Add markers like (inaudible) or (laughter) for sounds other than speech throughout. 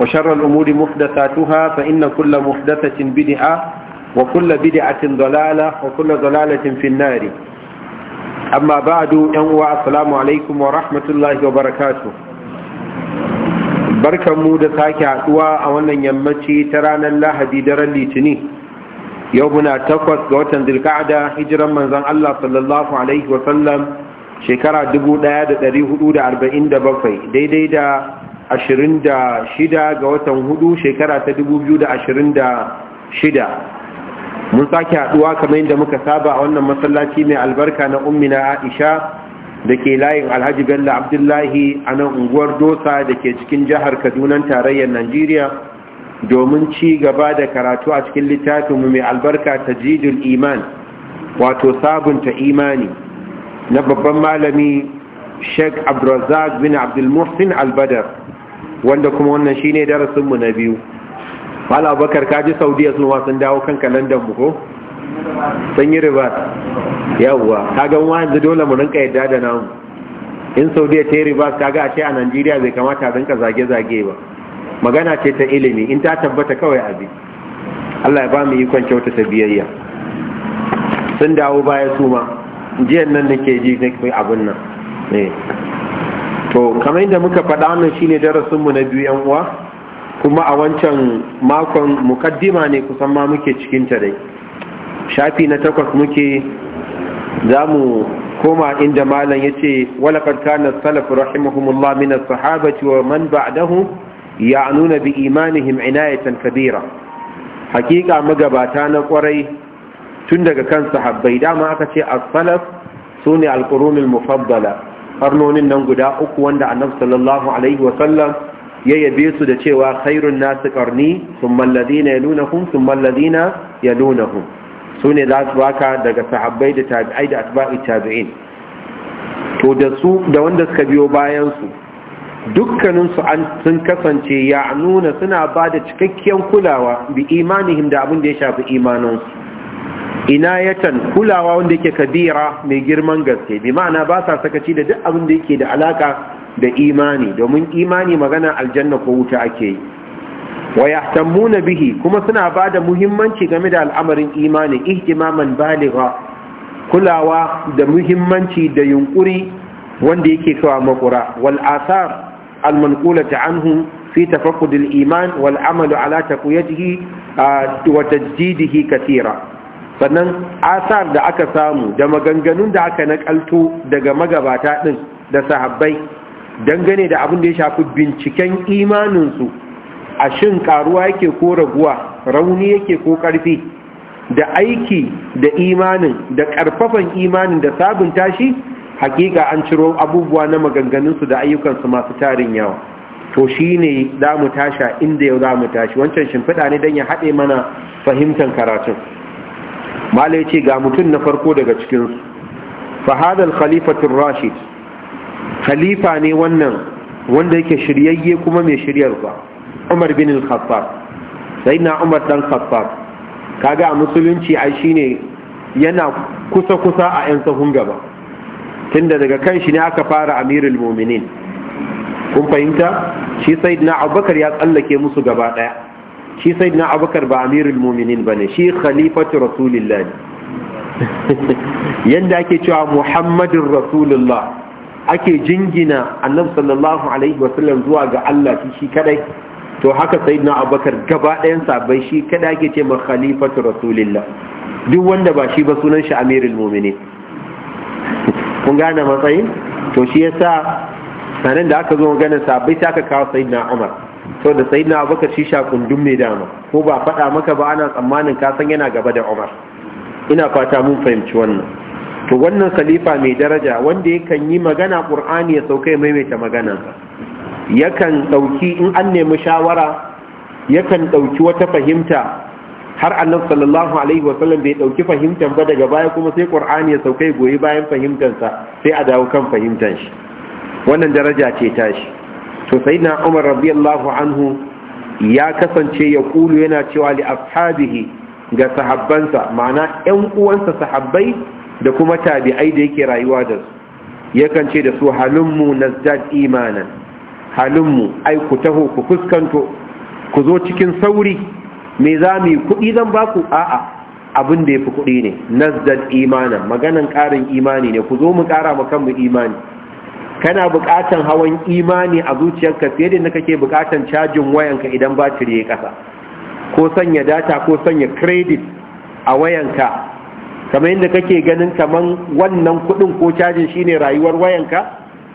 وشر الأمور محدثاتها فإن كل محدثة بدعة وكل بدعة ضلالة وكل ضلالة في النار أما بعد ينوى السلام عليكم ورحمة الله وبركاته barkan mu da sake haɗuwa a wannan yammaci ta ranar lahadi daran litini yau muna takwas ga watan zirka'ada hijiran manzan Allah sallallahu alaihi wasallam shekara 1447 daidai da 26 ga watan hudu shekara ta dubu da 2026 mun sake haduwa kamar yadda muka saba a wannan masallaci mai albarka na ummina aisha da ke layin alhaji bello abdullahi a nan unguwar dosa da ke cikin jihar kaduna tarayyar najeriya domin ci gaba da karatu a cikin littafinmu mai albarka ta jidul iman wato sabunta imani na babban malami sheik Abdulrazak bin abdulmuhsin albadar wanda kuma wannan shi ne mu na biyu mala abubakar kaji saudiya sun sun dawo kan kalandar mu ko sun yi ribas. yawwa kaga wa yanzu dole mu rinka yadda da namu in saudiya ta yi ribat kaga a ce a najeriya bai kamata rinka zage-zage ba magana ce ta ilimi in ta tabbata kawai abi allah ya ba mu ikon kyauta ta biyayya sun dawo baya su ma jiyan nan nake ji na abin nan eh. to kamar yadda muka faɗa min shine darasinmu na biyu yan uwa kuma a wancan makon mukaddima ne kusan ma muke cikin ta dai shafi na takwas muke za mu koma inda malam yace ce qad kana salaf rahimahumullah min as-sahabati wa man ba'dahu ya'nuna bi imanihim inayatan kabira hakika magabata na kwarai tun daga kan sahabbai dama aka ce as-salaf sune al al mufaddala karnonin nan guda uku wanda annabi sallallahu alaihi wasallam ya yabe su da cewa khairun nasu karni sun mallazina ya hun, sun mallazina ya hun?" su ne za su baka daga sahabbai da tabi'ai da atba'i tabi'in to da su da wanda suka biyo bayansu dukkaninsu sun kasance ya nuna suna ba da cikakkiyar kulawa bi imanihim da abin da ya shafi imaninsu. Ina yatan kulawa wanda yake kabira mai girman gaske bi ma'ana ba sa sakaci da duk abin da yake da alaka da imani domin imani magana aljanna ko wuta ake yi wa yahtamuna bihi kuma suna bada muhimmanci game da al'amarin imani ihtimaman baligha kulawa da muhimmanci da yunkuri wanda yake kawa makura wal asar al ta anhum fi tafaqqud al iman wal amal ala taqwiyatihi wa tajdidihi katira sannan asar da aka samu da maganganun da aka nakalto daga magabata din da sahabbai dangane da abin da ya shafi binciken imaninsu a shin karuwa yake ko raguwa rauni yake ko karfi da aiki da imanin da karfafan imanin da sabunta shi hakika an ciro abubuwa na maganganunsu da ayyukansu masu tarin yawa to shine ne za mu tasha inda yau za mu tashi wancan shimfiɗa ne don ya haɗe mana fahimtar karatun mala ya ce ga mutum na farko daga cikinsu fahadar khalifatun rashid khalifa ne wannan wanda yake shiryayye kuma mai shiryarwa umar bin al-khattab sai na umar dan khattab kaga a musulunci ai shine yana kusa-kusa a 'yan sahun gaba tunda daga kan shi ne aka fara amirul muminin kun fahimta shi sayyidina abubakar ya tsallake musu gaba daya shi na abubakar ba amirul mu'minin ne shi khalifatu rasulillah (laughs) yanda ake cewa muhammadin rasulillah ake jingina annab sallallahu alaihi wasallam zuwa ga Allah shi kadai to haka na Abakar gaba ɗayan sabai shi kadai ake ce ma khalifatu rasulillah duk wanda ba shi ba sunan shi amirul mu'minin (laughs) kun gane matsayin to shi yasa sanin da aka zo maganar sabai sai aka kawo sayyidina umar sau da sayi na baka shi kundum ne dama ko ba faɗa maka ba ana tsammanin kasan yana gaba da umar ina fata mun fahimci wannan to wannan khalifa mai daraja wanda yakan yi magana ƙur'ani ya sauka ya maimaita maganansa yakan ɗauki in an nemi shawara yakan ɗauki wata fahimta har annabi sallallahu alaihi wa sallam. bai ɗauki fahimtar ba daga baya kuma sai ƙur'ani ya sauka goyi bayan fahimtarsa sai a dawo kan fahimtar shi wannan daraja ce tashi to na umar radiyallahu anhu ya kasance ya kulu yana cewa li ashabihi ga sahabbansa ma'ana 'yan uwansa sahabbai da kuma tabi'ai da yake rayuwa da su yakan ce da su na nazdad imanan halinmu ai ku taho ku fuskanto ku zo cikin sauri me za mu yi kuɗi zan ba ku a'a abin da ya fi kuɗi ne nazdad imanan maganan ƙarin imani ne ku zo mu ƙara ma kanmu imani kana buƙatan hawan imani a zuciyarka fiye da ke buƙatan cajin wayanka idan batiri ya ƙasa ko sanya data ko sanya credit a wayanka kamar yadda kake ganin kaman wannan kuɗin ko cajin shine rayuwar wayanka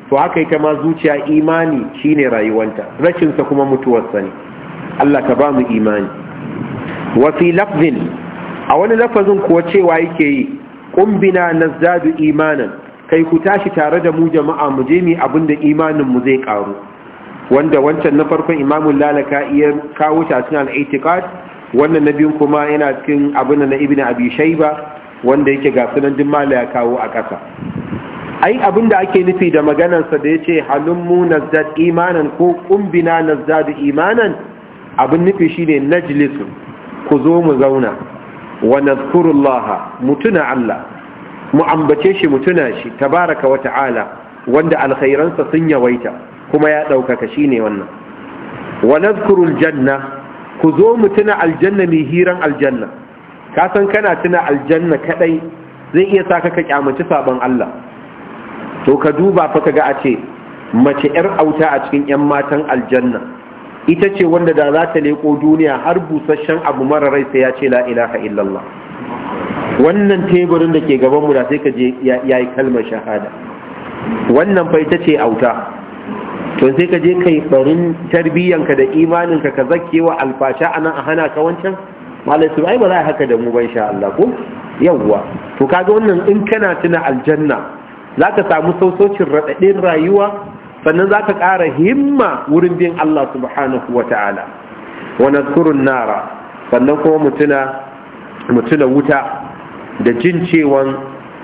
to haka ita ma zuciya imani shine rayuwanta rashinsa kuma mutuwarsa ne Allah ka ba mu imani wa fi lafzin a wani lafazin kuwa cewa yake yi na nazdadu imanin. kai ku tashi tare da mu jama'a mu je mu abin da imanin mu zai karu wanda wancan na farkon imamul lalaka iya kawo ta cikin al-i'tiqad wannan na biyun kuma yana cikin abin na ibnu abi shayba wanda yake ga sunan din mala kawo a ƙasa ai abin da ake nufi da maganarsa da yace halummu nazad imanan ko ƙumbina nazad imanan abin nufi shine najlisu ku zo mu zauna wa nazkurullaha mutuna Allah mu ambace shi mu tuna shi tabaraka wa ta'ala wanda alkhairansa sun yawaita kuma ya ɗaukaka shi ne wannan wa nazkurul janna ku zo mu tuna aljanna mai hiran aljanna ka san kana tuna aljanna kadai zai iya saka ka kyamaci sabon Allah to ka duba fa ga a ce mace yar auta a cikin yan matan aljanna ita ce wanda da za ta leko duniya har busasshen abu mara rai sai ya ce la ilaha illallah wannan teburin da ke gaban mu da sai ka je yi kalmar shahada wannan fa ita ce auta to sai ka je kai barin tarbiyyanka da imaninka ka zakkewa alfasha anan a hana ka wancan malai su ai ba za haka da mu ba insha Allah ko yawwa to kaga wannan in kana tuna aljanna za ka samu sausocin radadin rayuwa sannan za ka ƙara himma wurin bin Allah subhanahu ta'ala wa nadhkurun nara sannan kuma mutuna mutuna wuta da jin cewan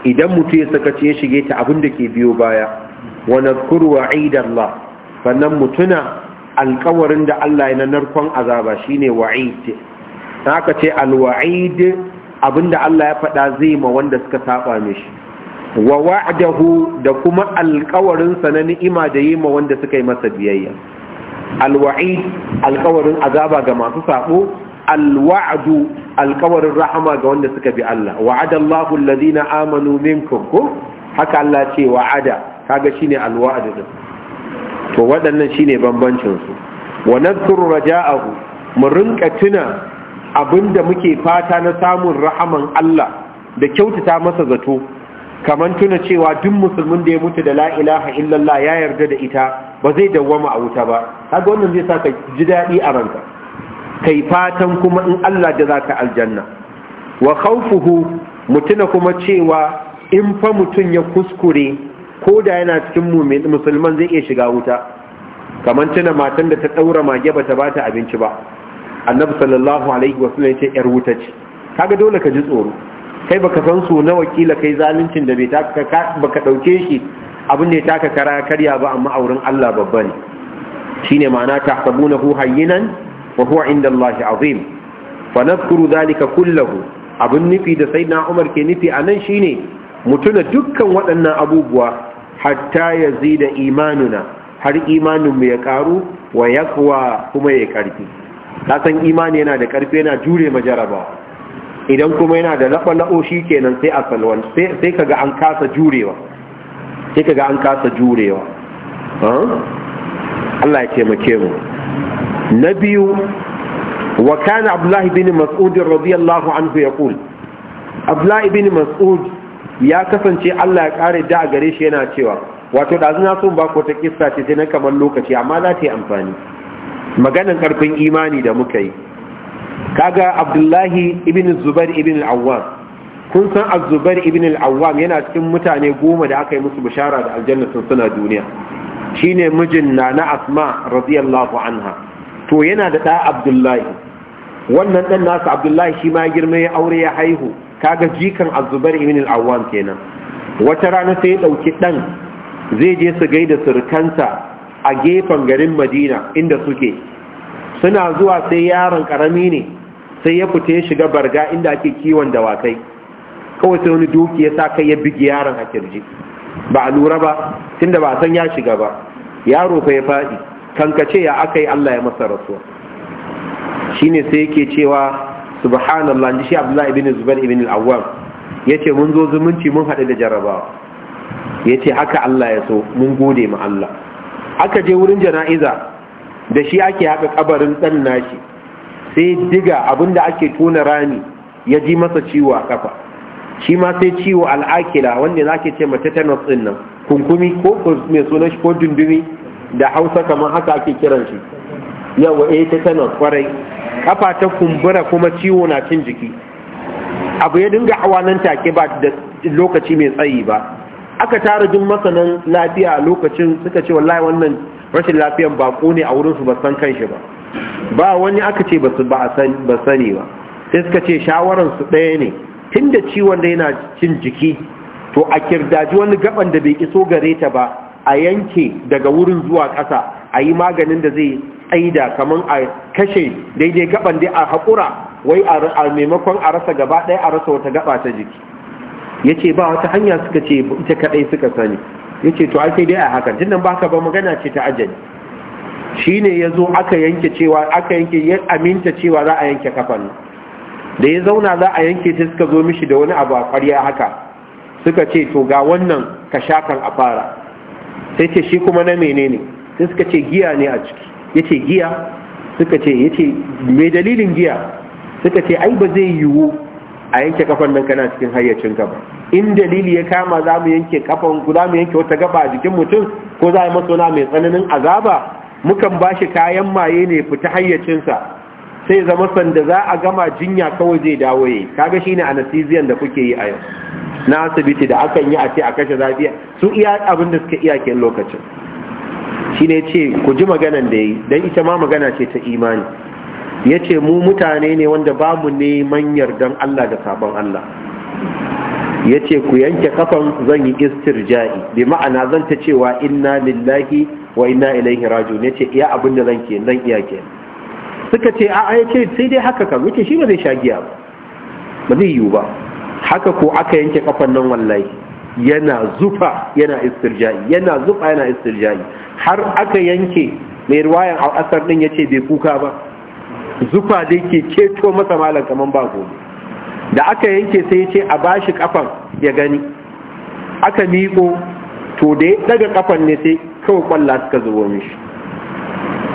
idan mutu ya sakaci ya shige ta abin da ke biyo baya wani nadhkuru wa'idallah sannan mutuna alkawarin da Allah ya narkon azaba shine wa'id aka ce alwa'id abinda Allah ya faɗa zai ma wanda suka saba mishi wa wa'dahu da kuma alkawarin sa na ni'ima da yi ma wanda suka yi masa biyayya alwa'id alkawarin azaba ga masu sabo alwa'adu alkawarin rahama ga wanda suka bi Allah wa'ada Allahu allazina amanu minkum ko haka Allah ce wa'ada kaga ne alwa'adu to waɗannan shi bambancin su wa nadhkuru raja'ahu mu rinka tuna abinda muke fata na samun rahaman Allah da kyautata masa zato kamar tuna cewa duk musulmin da ya mutu da la ilaha illallah ya yarda da ita ba zai dawwama a wuta ba kaga wannan zai sa ka ji daɗi a ranka kai fatan kuma in Allah da za ka aljanna wa khawfuhu mutuna kuma cewa in fa mutun ya kuskure ko da yana cikin mumin musulman zai iya shiga wuta kamar tuna matan da ta ɗaura mage bata bata abinci ba annabi sallallahu alaihi wasallam ya ce yar wuta ce kaga dole ka ji tsoro kai baka san su na wakila kai zaluncin da bai taka baka dauke shi abin da ya taka kara karya ba amma auren Allah babba ne shine ma'ana tahsabunahu hayyinan wa huwa inda Allah azim fa nadhkuru dhalika kullahu abun nufi da sayyidina Umar ke nufi anan shine mutuna dukkan waɗannan abubuwa hatta yazida imanuna har imanin ya karu wa kuwa kuma ya karfi kasan imani yana da karfi yana jure majaraba idan kuma yana da laɓa-laɓo shi kenan sai a salwan sai kaga an kasa jurewa sai kaga an kasa jurewa Allah ya taimake mu na biyu wa kana abdullahi bin mas'ud radiyallahu anhu ya yaqul abdullahi bin mas'ud ya kasance Allah ya kare da a gare shi yana cewa wato da na so ba ko ta kissa ce sai na kamar lokaci amma za ta yi amfani maganan karfin imani da muka yi kaga abdullahi ibn zubair ibn al-awwam kun san az-zubair ibn al-awwam yana cikin mutane goma da aka yi musu bishara da aljanna sun suna duniya shine mijin nana asma radiyallahu anha to yana da ɗa abdullahi wannan ɗan nasu abdullahi shi ma girma ya aure ya haihu kaga jikan azubar ibn al-awwam kenan wata rana sai ya ɗauki ɗan zai je su gaida surkansa a gefen garin madina inda suke suna zuwa sai yaron karami ne sai ya fita ya shiga barga inda ake kiwon dawakai kawai sai wani doki ya sa kai ya bigi yaron a kirji ba a lura ba tunda ba san ya shiga ba yaro fa ya faɗi kankace ya aka yi Allah ya masa rasuwa Shi ne sai yake cewa subhanallah ji shi abdullahi ibn zubair ibn al-awwam ce mun zo zumunci mun haɗu da jarabawa ce haka Allah ya so mun gode ma Allah aka je wurin jana'iza da shi ake haka kabarin ɗan nashi sai diga abinda ake tona rani ya ji masa ciwo a kafa shi ma sai ciwo al'akila wanda ke ce mata tanos din nan kunkumi ko mai sunan shi ko dundumi da hausa kamar haka ake kiran shi yawa eh tana kwarai kafa ta kumbura kuma ciwo na cin jiki abu ya dinga hawa nan take ba da lokaci mai tsayi ba aka tara duk masanan lafiya lokacin suka ce wallahi wannan rashin lafiyan bako ne a wurin su ba san kanshi ba ba wani aka ce ba su ba sani ba sai suka ce shawaran su ɗaya ne tunda ciwon da yana cin jiki to a kirdaji wani gaban da bai iso gare ta ba a yanke daga wurin zuwa ƙasa a yi maganin da zai tsaida kamar a kashe daidai gaban da a haƙura wai a maimakon a rasa gaba ɗaya a rasa wata gaba ta jiki ya ce ba wata hanya suka ce ita kaɗai suka sani ya ce to ake dai a hakan tunan ba ka ba magana ce ta ajali shi ne ya zo aka yanke cewa aka yanke ya aminta cewa za a yanke kafan da ya zauna za a yanke ta suka zo mishi da wani abu a ƙwarya haka suka ce to ga wannan ka shakan a fara sai ce shi kuma na menene sai suka ce giya ne a ciki yace giya suka ce yace mai dalilin giya suka ce ai ba zai yiwu a yanke kafan nan kana cikin hayyacinka ba in dalili ya kama za mu yanke kafan ku za mu yanke wata gaba a jikin mutum ko za a yi masona mai tsananin azaba mukan ba shi kayan maye ne fita hayyacinsa sai zama sanda za a gama jinya kawai zai dawo yi kaga ne anesthesian da kuke yi a yau na asibiti da akan yi a ce a kashe zafiya su iya abin da suka iya kin lokacin shi ne ce ku ji maganan da yi don ita ma magana ce ta imani ya ce mu mutane ne wanda ba mu neman yardan Allah da sabon Allah ya ce ku yanke kafan zan yi istir jai bi ma'ana zan ta cewa inna lillahi wa inna ilaihi raju ya ce iya abin da zan iya ke suka ce a'a ya ce sai dai haka kan wuce shi ba zai sha giya ba ba zai yiwu ba haka ko aka yanke kafan nan wallahi yana zufa yana istirja'i yana zufa yana istirja'i har aka yanke mai ruwayan al'asar din yace bai kuka ba zufa da yake keto masa malam kaman ba gobe da aka yanke sai yace a bashi kafan ya gani aka miko to da ya daga kafan ne sai kawai kwalla suka zubo mishi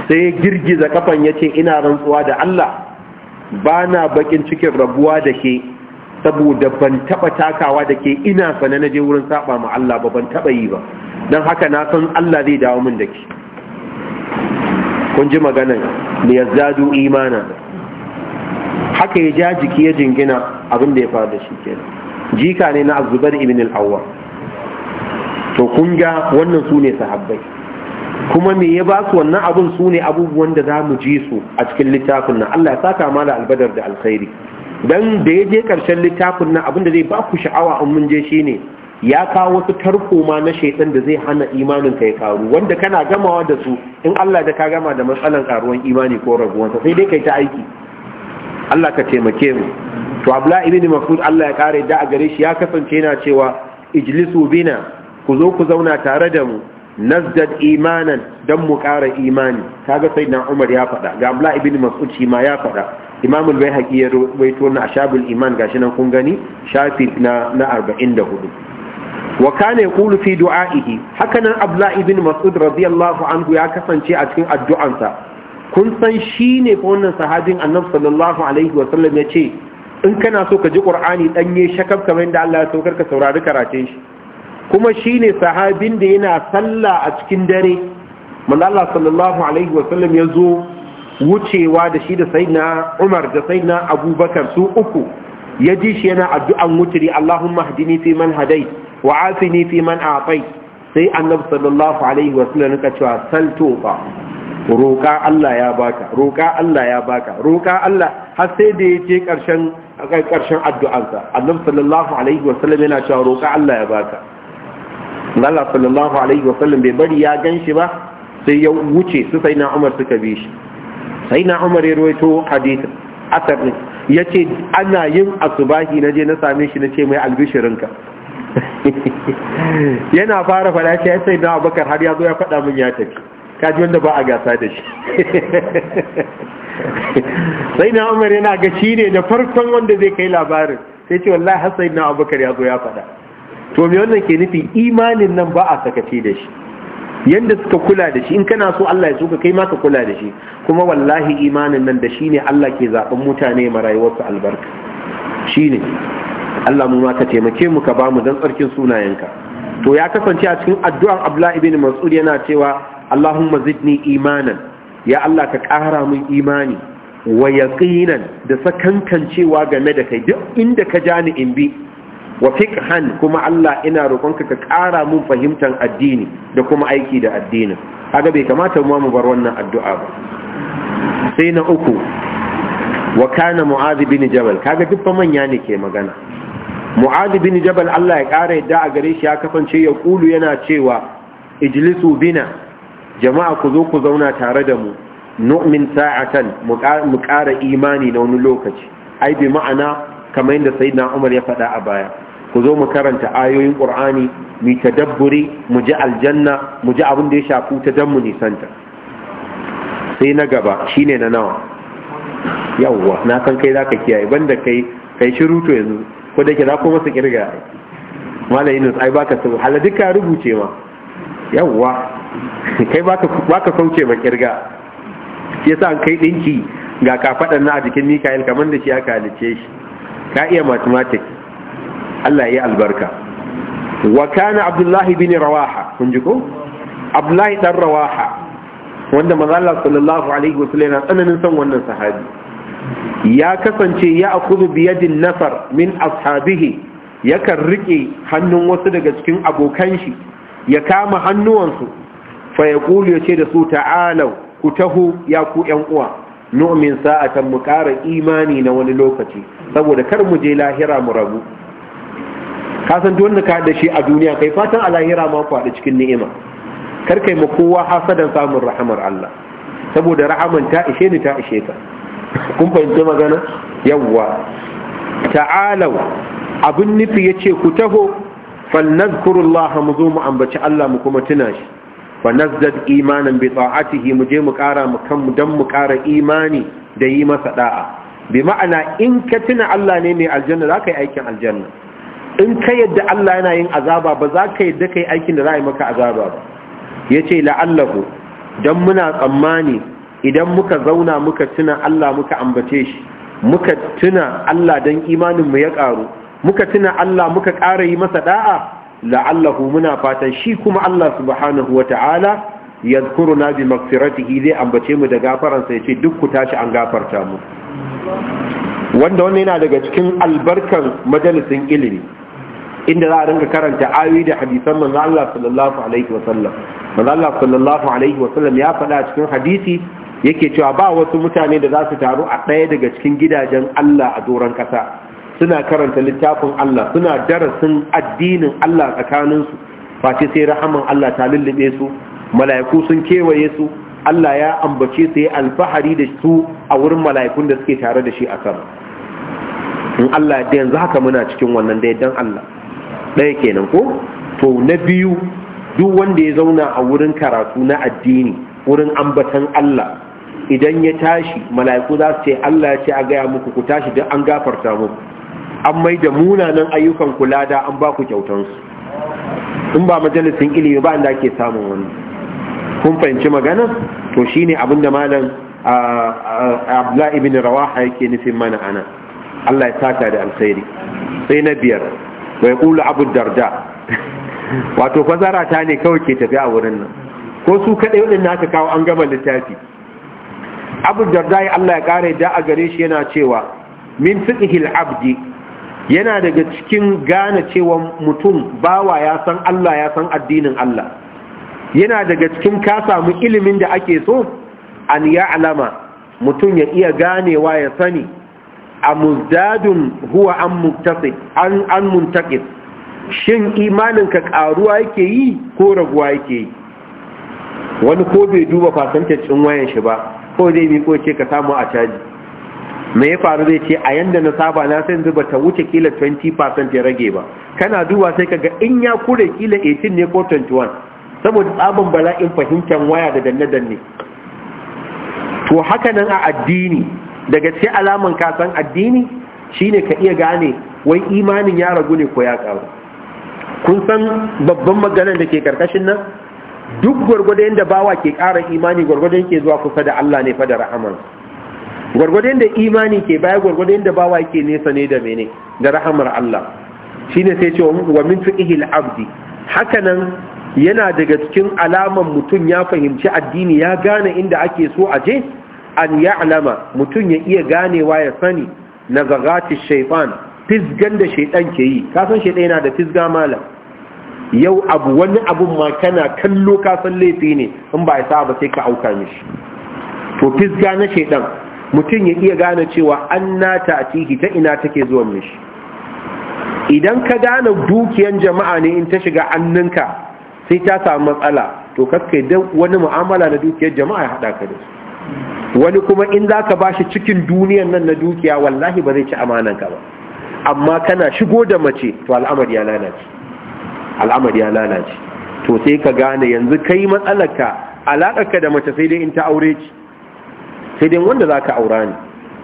sai girgiza kafan yace ina rantsuwa da Allah bana bakin cikin rabuwa da ke saboda ban taba takawa da ke ina sana na je wurin saba ma Allah ba ban taba yi ba don haka na san Allah zai dawo min da ke kun ji maganar da ya zadu imana haka ya ja jiki ya jingina abin ya faru da shi kenan jika ne na azubar ibn al to kun ga wannan su ne sahabbai kuma me ya ba su wannan abin su ne abubuwan da za mu ji su a cikin littafin nan Allah ya saka mala albadar da alkhairi dan da ya je karshen littafin nan abinda zai ba ku sha'awa in mun je shine ya kawo wasu tarkoma na shaitan da zai hana imanin ka ya karu wanda kana gamawa da su in Allah da ka gama da matsalan karuwan imani ko raguwansa sai dai kai ta aiki Allah ka taimake mu to abla ibn mafud Allah ya kare da a gare shi ya kasance yana cewa ijlisu bina ku zo ku zauna tare da mu nazdad imanan dan mu kara imani kaga sai na Umar ya faɗa ga abla ibn mas'ud shi ma ya faɗa imamul bai haƙi ya waito na ashabul iman gashi nan kun gani shafi na da hudu. wa kana yaqulu fi du'a'ihi hakanan abdullah ibn mas'ud radiyallahu anhu ya kasance a cikin addu'ansa kun san shine ko wannan sahabin annabi sallallahu alaihi wa sallam ya ce in kana so ka ji ƙur'ani danye shakab kamar yadda Allah ya saukar ka saurari karatun shi kuma shi ne sahabin da yana sallah a cikin dare manzo Allah sallallahu alaihi wa sallam ya zo wucewa da shi da sayyidina Umar da sayyidina Abubakar su uku ya ji shi yana addu'an wuturi Allahumma hadini fi man hadai wa afini fi man afai sai annabi sallallahu alaihi wa sallam nuka cewa sal tofa roƙa Allah ya baka Roka Allah ya baka Roka Allah har sai da yace karshen karshen addu'arsa annabi sallallahu alaihi wa sallam yana cewa roƙa Allah ya baka Allah sallallahu alaihi wa sallam bai bari ya ganshi ba sai ya wuce su sai na Umar suka bi shi sai na umar ya ruwaito hadithin asar ne ya ce ana yin asubahi na je na same shi na ce mai albishirinka (laughs) yana fara fara shi ya sai na abakar har ya zo ya fada min ya tafi kaji wanda ba a gasa da shi (laughs) sai na umar yana ga shi ne da farkon wanda zai kai labarin sai ce wallahi har sai na abakar ya zo ya fada to me wannan ke nufi imanin nan ba a sakaci da shi yanda suka kula da shi in kana so Allah ya so ka kai ma ka kula da shi kuma wallahi imanin nan da shine Allah ke zabin mutane ma rayuwarsu albarka shine Allah mu ma ka taimake mu ka bamu dan tsarkin sunayenka to ya kasance a cikin addu'an Abdullah ibn Mas'ud yana cewa Allahumma zidni imanan ya Allah ka ƙara min imani wa yaqinan da sakankancewa game da kai duk inda ka ja ni in bi wa fiqhan kuma Allah ina roƙonka ka ƙara mun fahimtar addini da kuma aiki da addinin kaga bai kamata mu mu bar wannan addu'a ba sai na uku wa kana mu'adh bin jabal kaga duk fa manya ne ke magana mu'adh bin jabal Allah ya ƙara yadda a gare shi ya kasance ya kulu yana cewa ijlisu bina jama'a ku zo ku zauna tare da mu nu'min sa'atan mu ƙara imani na wani lokaci ai bi ma'ana kamar yadda sayyidina Umar ya faɗa a baya ku zo mu karanta ayoyin qur'ani mu tadabburi mu ji aljanna mu ji abin da ya shafu ta dan mu nisanta sai na gaba shine na nawa yawwa na san kai zaka kiyaye banda kai kai shiru to yanzu ko da ke za ku masa kirga mallam Yunus ai baka sabu hala duka rubuce ma yawwa kai baka baka sauke ma kirga shi yasa an kai dinki ga kafadan na a jikin Mikael kamar da shi aka halice shi ka iya mathematics Allah ya yi albarka wa kana abdullahi bin rawaha kun ji ko abdullahi dan rawaha wanda manzo Allah sallallahu alaihi wasallam na tsananin son wannan sahabi ya kasance ya akudu biyadin nasar min ashabihi kan riƙe hannun wasu daga cikin abokan shi ya kama hannuwansu fa ya kulu ya ce da su ta'alau ku taho ya ku yan uwa nu'min sa'atan mu ƙara imani na wani lokaci saboda kar mu je lahira mu rabu Kasan san duk ka da shi a duniya kai fatan a lahira ma ku haɗu cikin ni'ima kar kai ma kowa hasadan samun rahamar Allah saboda rahaman ta ishe ni ta ishe kun fahimci magana yawwa ta'alau abin nufi yace ku taho falnazkurullah mu zo mu ambaci Allah mu kuma tuna shi wa nazdad imanan bi ta'atihi mu je mu ƙara mu kan mu dan imani da yi masa da'a bi ma'ana in ka tuna Allah ne mai aljanna za ka yi aikin aljanna in ka yadda Allah yana yin azaba ba za ka yadda ka yi aikin da za a yi maka azaba ba Ya ce la'allahu don muna tsammani idan muka zauna muka tuna Allah muka ambace shi muka tuna Allah don imanin mu ya ƙaru, muka tuna Allah muka ƙara yi masa ɗa'a, la'allahu muna fatan shi kuma Allah subhanahu wata'ala na bi maghfiratihi zai ambace mu da gafaransa ya ce duk ku tashi an gafarta mu wanda wannan yana daga cikin albarkan majalisin ilimi inda za a rinka karanta ayoyi da hadisan manzo Allah sallallahu alaihi wa sallam manzo Allah sallallahu alaihi wa ya faɗa cikin hadisi yake cewa ba wasu mutane da za su taru a ɗaya daga cikin gidajen Allah a doron ƙasa suna karanta littafin Allah suna darasin addinin Allah tsakanin tsakaninsu Fati sai rahaman Allah ta lullube su mala'iku sun kewaye su Allah ya ambace su yi alfahari da su a wurin mala'ikun da suke tare da shi a sama in Allah da yanzu haka muna cikin wannan da dan Allah ɗaya kenan ko to na biyu duk wanda ya zauna a wurin karatu na addini wurin ambatan Allah idan ya tashi mala'iku za su ce Allah ya ce a gaya muku ku tashi duk an gafarta muku an mai da munanan ayyukan kula da an ba ku kyautansu in ba majalisin ilimi ba inda ake samun wani kun fahimci magana to shine abin da malam abdullahi ibn rawaha yake nufin mana ana Allah ya sata da alkhairi sai na biyar bai kula abu darda wato fazara ta ne kawai ke tafiya a wurin nan ko su kaɗai waɗanda ka kawo an gama littafi abu darda ya Allah ya ƙara da a gare shi yana cewa min fiqhil abdi yana daga cikin gane cewa mutum bawa ya san Allah ya san addinin Allah yana daga cikin ka samu ilimin da ake so an ya alama mutum ya iya ganewa ya sani amuzdadun huwa an muktasi an an shin imaninka karuwa yake yi ko raguwa yake yi wani ko bai duba fasantar cin wayan shi ba ko zai bi ko ce ka samu a caji me ya faru zai ce a yanda na saba na san zuba ta wuce kila 20% ya rage ba kana duba sai kaga in ya kure kila 18 ne ko 21 saboda tsabin bala'in fahimtar waya da danne-danne to haka nan a addini daga cikin alaman kasan addini shine ka iya gane wai imanin ya ragu ne ko ya karu kun san babban maganar da ke karkashin nan duk gwargwado yadda bawa ke ƙara imani gwargwado yake zuwa kusa da Allah ne fa da rahama. gwargwado yadda imani ke baya gwargwado yadda bawa ke nesa ne da mene da rahamar Allah shine sai ce wa min fiqhi abdi. abdi hakanan yana daga cikin alaman mutum ya fahimci addini ya gane inda ake so a je an ya'lama mutum ya iya ganewa ya sani na gagati fisgan da shaidan ke yi kasan shaidan yana da fisga malam yau abu wani abun ma kana kallo kasan laifi ne in ba ya sa ba sai ka auka mishi to fisga na shaidan, mutum ya iya gane cewa an ta a ciki ta ina take zuwa mishi idan ka gane dukiyan jama'a ne in ta shiga annanka sai ta samu matsala to kakkai wani mu'amala na dukiyar jama'a ya haɗa ka da su wani kuma in za ka bashi cikin duniyan nan na dukiya wallahi ba zai ci amananka ka ba amma kana shigo da mace to al'amari ya lalace al'amari ya lalace to sai ka gane yanzu kai matsalarka alakarka da mace sai dai in ta aure ci sai dai wanda za ka aura ne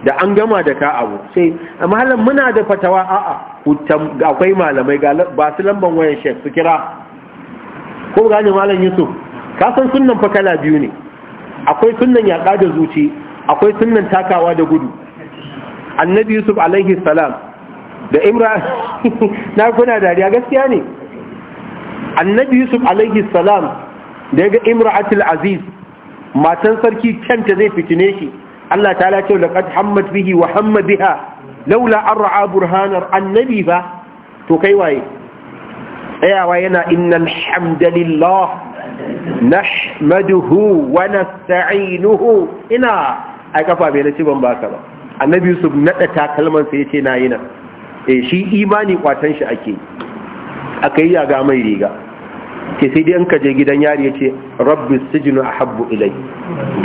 da an gama da ka abu sai malam muna da fatawa a'a akwai malamai ba su lamban wayan shek su kira ko gane malam yusuf kasan san sunnan fa biyu ne akwai sunnan yaƙa da zuci akwai sunnan takawa da gudu annabi yusuf alaihi salam da imra (laughs) na kuna dariya gaskiya ne annabi yusuf alaihi salam da ya ga imra'atul aziz matan sarki kyanta zai fitine shi Allah ta ce laƙad hammat bihi wa hammad biha laula an ra'a burhanar annabi ba to kai waye tsayawa yana inna alhamdulillah. nahmaduhu wa nasta'inuhu ina ai kafa bai nace ban baka ba annabi yusuf nada takalman sa yace na yi nan eh shi imani kwatan shi ake akai ya ga mai riga ke sai dai an kaje gidan yari yace rabbis sijnu ahabbu ilai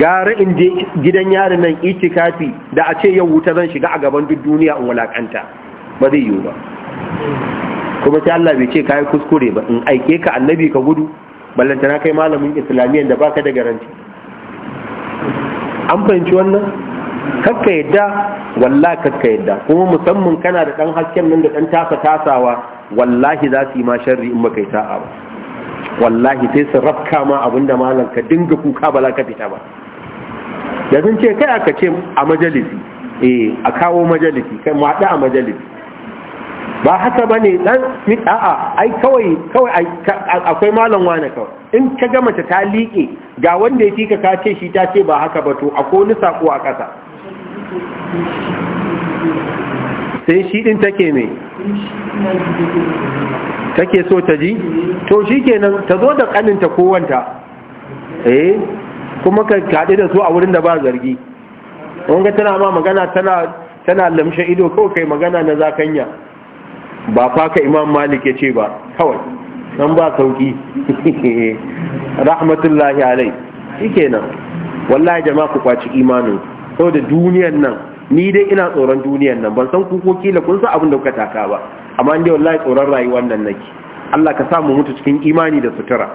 gara in je gidan yari nan itikafi da a ce yau wuta zan shiga a gaban duk duniya in walakanta ba zai yiwu ba kuma sai Allah bai ce kai kuskure ba in aike ka annabi ka gudu Ballanta na kai malamin islamiyyar da baka da garanti an fahimci wannan kakka yadda wallahi kakka yadda kuma musamman kana da ɗan hasken nan da ɗan tasa tasawa wallahi za su yi ma sharri in baka yi sa'a ba wallahi sai su rafka ma abinda malam ka dinga kuka bala ka fita ba da sun ce kai aka ce a majalisi eh a kawo majalisi kai mu haɗu a majalisi ba haka ba ne dan a'a ai kawai kawai akwai malam wane kawai in ka ga mace ta liƙe ga wanda ya fika ka ce shi ta ce ba haka ba to akwai wani sako a ƙasa sai shi din take me take so ta ji to shi kenan ta zo da kaninta kowanta eh kuma ka kaɗi da su a wurin da ba zargi wanga tana ma magana tana tana lamshe ido kawai kai magana na zakanya ba faka imam malik ya ce ba kawai nan ba sauki (laughs) rahmatullahi alai shi nan wallahi jama'a ku kwaci imanin da duniyan nan ni dai ina tsoron duniyan nan ban san kuko kila kun san abin da kuka taka ba amma ni wallahi tsoron rayuwar nan nake Allah ka samu mutu cikin imani da sutura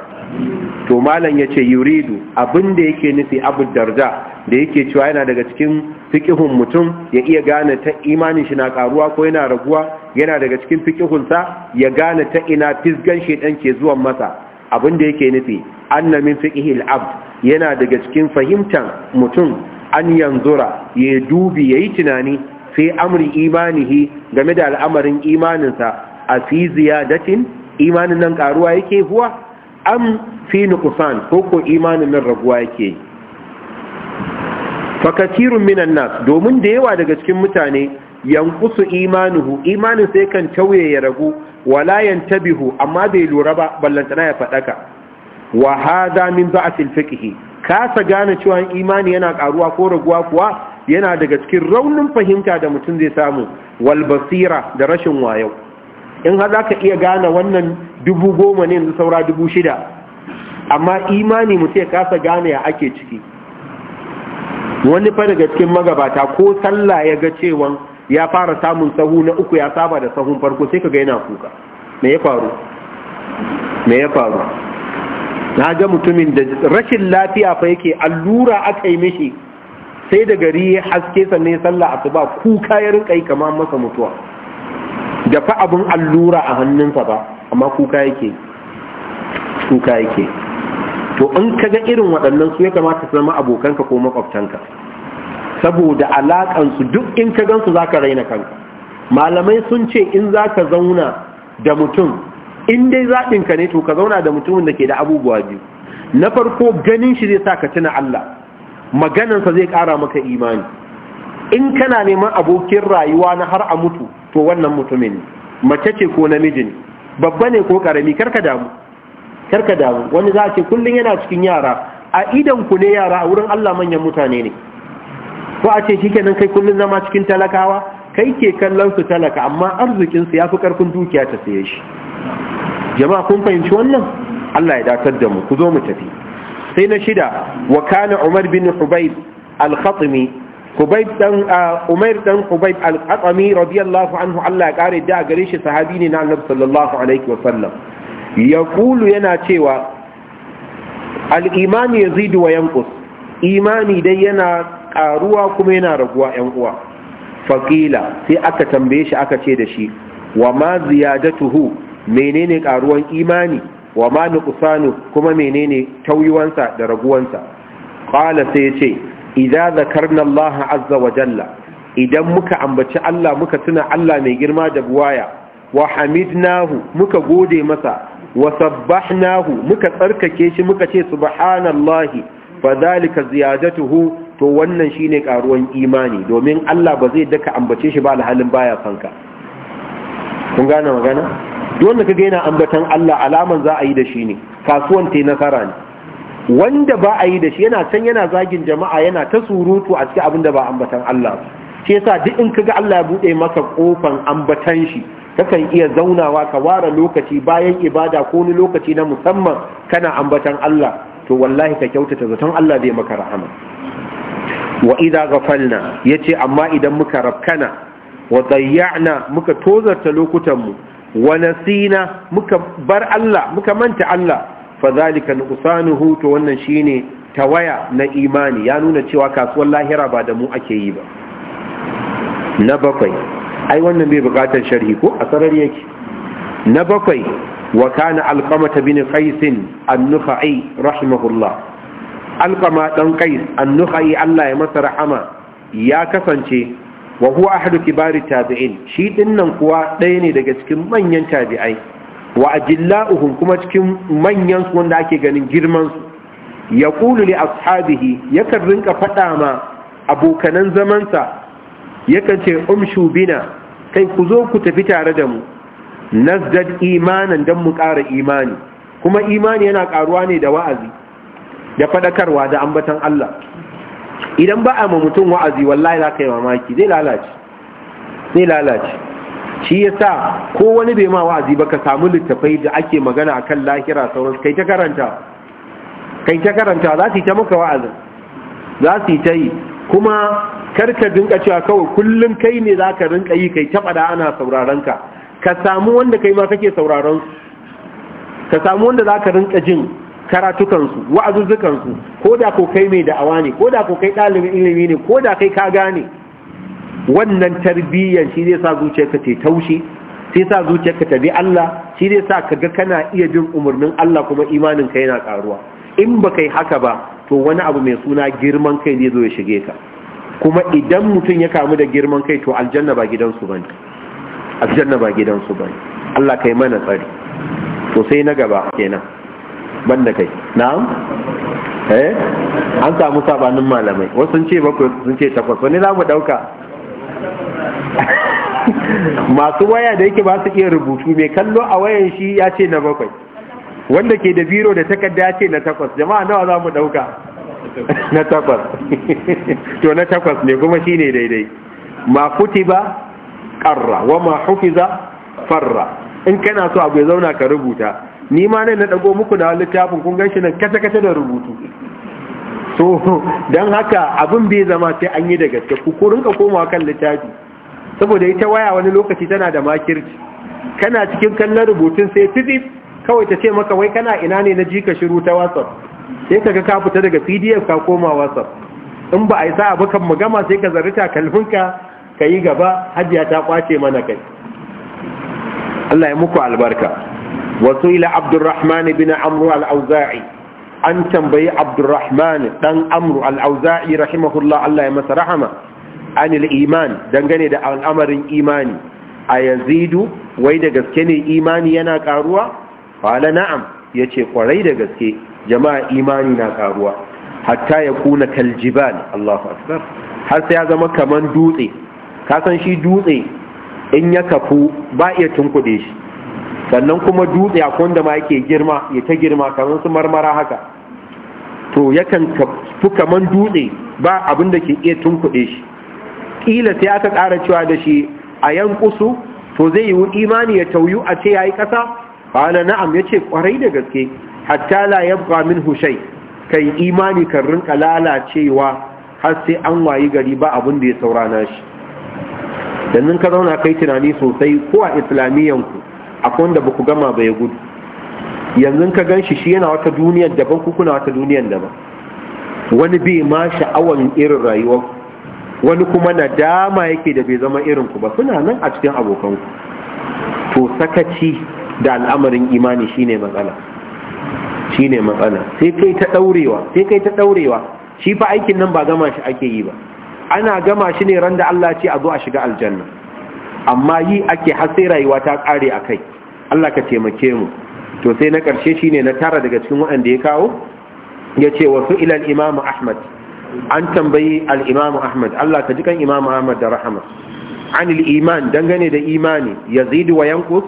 to malam ya ce yuridu abin da yake nufi abu darja, da yake cewa yana daga cikin fiqihun mutum ya iya gane ta imanin shi na karuwa ko yana raguwa yana daga cikin fikihunsa ya gane ta ina fisgan shedan ke zuwan masa abin da yake nufi anna min al abd yana daga cikin fahimtan mutum an yanzura ya dubi yayi tunani sai amri imanihi game da al'amarin imaninsa a fi ziyadatin imanin nan karuwa yake huwa am fi nuqsan ko ko imanin nan raguwa yake katirun minan nas domin da yawa daga cikin mutane yankusu imanuhu imanin sai kan tauye ya ragu wala yantabihu amma bai lura ba ballantana ya fadaka wa hada min da'atil fiqh kasa gane cewa imani yana karuwa ko raguwa kuwa yana daga cikin raunin fahimta da mutum zai samu wal basira da rashin wayo in har zaka iya gane wannan dubu goma ne yanzu saura dubu shida amma imani mutum ya kasa gane ya ake ciki wani fa daga cikin magabata ko sallah ya ga cewa ya fara samun sahu na uku ya saba da sahun farko sai kaga yana kuka me ya faru me ya faru na ga mutumin da rashin lafiya fa yake allura aka yi mishi sai da gari ya haske sannan ya sallah asuba kuka ya rinka yi kamar masa mutuwa da fa abun allura a hannunsa ba amma kuka yake kuka yake to in kaga irin waɗannan su ya kamata su zama abokanka ko makwabtanka saboda alaƙansu duk in ka gansu za ka raina kanka malamai sun ce in za ka zauna da mutum in dai zaɓinka ne to ka zauna da mutumin da ke da abubuwa biyu na farko ganin shi zai sa ka tuna Allah maganansa zai ƙara maka imani in kana neman abokin rayuwa na har a mutu to wannan mutumin ne mace ce ko namiji ne babba ne ko ƙarami karka damu damu wani za a ce kullum yana cikin yara a idan ku ne yara a wurin Allah manyan mutane ne ko a ce shikenan kai kullun zama cikin talakawa kai ke kallon su talaka amma arzikin su fi karfin dukiya ta saye shi jama'a kun fahimci wannan Allah ya datar da mu ku zo mu tafi sai na shida wa kana Umar bin Hubayb al-Khatmi Hubayb dan Umar dan Hubayb al-Khatmi radiyallahu anhu Allah ya kare da gare shi sahabi ne na Annabi sallallahu alaihi wa sallam yaqulu yana cewa al-iman yazidu wa yanqus imani dai yana ƙaruwa kuma yana raguwa ‘yan uwa faƙila sai aka tambaye shi aka ce da shi wa ma ziyadatuhu menene ƙaruwan imani wa ma nuqsanu kuma menene tauyuwansa da raguwansa qala sai yace idza zakarna Allah azza wa jalla idan muka ambaci Allah muka tuna Allah mai girma da buwaya wa hamidnahu muka gode masa wa sabbahnahu muka tsarkake shi muka ce subhanallahi zalika ziyadatuhu to wannan shi ne karuwan imani domin Allah ba zai daka ambace shi ba alhalin baya fanka kun gane magana don da ka yana ambatan Allah alaman za a yi da shi ne kasuwan ta nasara ne wanda ba a yi da shi yana can yana zagin jama'a yana ta surutu a cikin abin da ba ambatan Allah shi sa duk in kaga Allah ya bude maka kofan ambatan shi kakan iya zaunawa ka ware lokaci bayan ibada ko ni lokaci na musamman kana ambatan Allah to wallahi ka kyautata zaton Allah zai maka rahama wa idza ya ce, amma idan muka rafkana wa muka tozarta lokutan mu wa nasina muka bar Allah muka manta Allah fa nukusanu hutu to wannan shine tawaya na imani ya nuna cewa kasuwar lahira ba da mu ake yi ba na bakwai ai wannan bai bukatar sharhi ko a sarari yake na bakwai wa kana alqamata bin qais an-nukhai rahimahullah alqama dan qais annuhai Allah ya masa rahama ya kasance wa huwa ahadu kibari tabi'in shi ɗinnan kuwa ɗaya ne daga cikin manyan tabi'ai wa ajilla'uhum kuma cikin manyan su wanda ake ganin girman su yaqulu li ashabihi yakan rinka faɗa ma abokanan zamansa yakan ce umshu bina kai ku zo ku tafi tare da mu nazdad imanan dan mu ƙara imani kuma imani yana ƙaruwa ne da wa'azi da faɗakarwa da ambatan Allah idan ba a ma mutum wa'azi wallahi za ka yi mamaki zai lalace zai lalace shi yasa ko wani bai ma wa'azi ba ka samu littafai da ake magana akan lahira sauran kai ta karanta kai ta karanta za su yi ta maka wa'azin za su yi ta yi kuma karka dinka cewa kawai kullum kai ne za ka rinka yi kai taɓa da ana sauraron ka ka samu wanda kai ma kake sauraron ka samu wanda za ka rinka jin karatukansu wa'azuzzukansu ko da ko kai mai da'awa ne ko da ko kai ɗalibin ilimi ne ko da kai ka gane wannan tarbiyyar shi zai sa zuciyarka ta taushe sai sa zuciyarka ta bi Allah shi zai sa kaga kana iya bin umarnin Allah kuma imanin ka yana karuwa in ba kai haka ba to wani abu mai suna girman kai zai zo ya shige ka kuma idan mutum ya kamu da girman kai to aljanna ba gidansu bane aljanna ba gidansu bane Allah kai mana tsari to sai na gaba kenan banda kai na'am eh an samu sabanin malamai wasu sun ce bakwai sun ce takwas wani za mu dauka (laughs) masu waya da yake ba su iya rubutu mai kallo a wayan shi ya ce na bakwai wanda ke da biro da takarda ya ce na takwas jama'a nawa za mu dauka (laughs) na takwas (laughs) to na takwas ne kuma shi ne daidai ma ba karra wa ma hufiza farra in kana so abu ya zauna ka rubuta ni ma ne na dago muku da littafin kun shi nan kata kata da rubutu so don haka abin bai zama sai an yi da gaske ku ko rinka komawa kan littafi saboda ita waya wani lokaci tana da makirci kana cikin kallon rubutun sai tizif kawai ta ce maka wai kana ina ne na ji ka shiru ta whatsapp sai ka ga ka fita daga pdf ka koma whatsapp in ba a yi sa'a ba mu magama sai ka zarri takalminka ka yi gaba hajiya ta kwace mana kai Allah ya muku albarka wasu ila abdurrahman bin amru al-auza'i an tambayi abdurrahman dan amru al-auza'i rahimahullah Allah ya masa rahama anil iman dangane da al'amarin imani a yazidu wai da gaske ne imani yana karuwa qala na'am yace kwarai da gaske jama'a imani na karuwa hatta ya kuna kaljibal Allahu akbar har sai ya zama kaman dutse ka san shi dutse in ya kafu ba iya tunkude shi sannan kuma dutse a kwanda ma yake girma ya ta girma kamar su marmara haka to yakan fi kamar dutse ba abin da ke iya tunkuɗe shi ƙila sai aka ƙara cewa da shi a yan kusu to zai yiwu imani ya tauyu a ce ya yi ƙasa na na'am ya ce ƙwarai da gaske hatta la yabqa min hushai kai imani kan rinka lalacewa har sai an wayi gari ba abin da ya saurana shi yanzu ka zauna kai tunani sosai ko a islamiyyanku akwai wanda ba gama bai gudu yanzu ka gan shi shi yana wata duniyar daban ku kuna wata duniyar daban wani bai ma sha'awar irin rayuwar wani kuma na dama yake da bai zama irin ku ba suna nan a cikin abokanku to sakaci da al'amarin imani shine matsala shine matsala sai kai ta daurewa sai kai ta daurewa shi fa aikin nan ba gama shi ake yi ba ana gama shi ne ran da Allah ce a zo a shiga aljanna amma yi ake har rayuwa ta kare a kai Allah ka taimake mu to sai na ƙarshe ne na tara daga cikin waɗanda ya kawo ya ce wasu ilal imamu ahmad an tambayi al-imamu ahmad Allah ka jikan imamu ahmad da rahama an iman dangane da imani yazidu wa yankus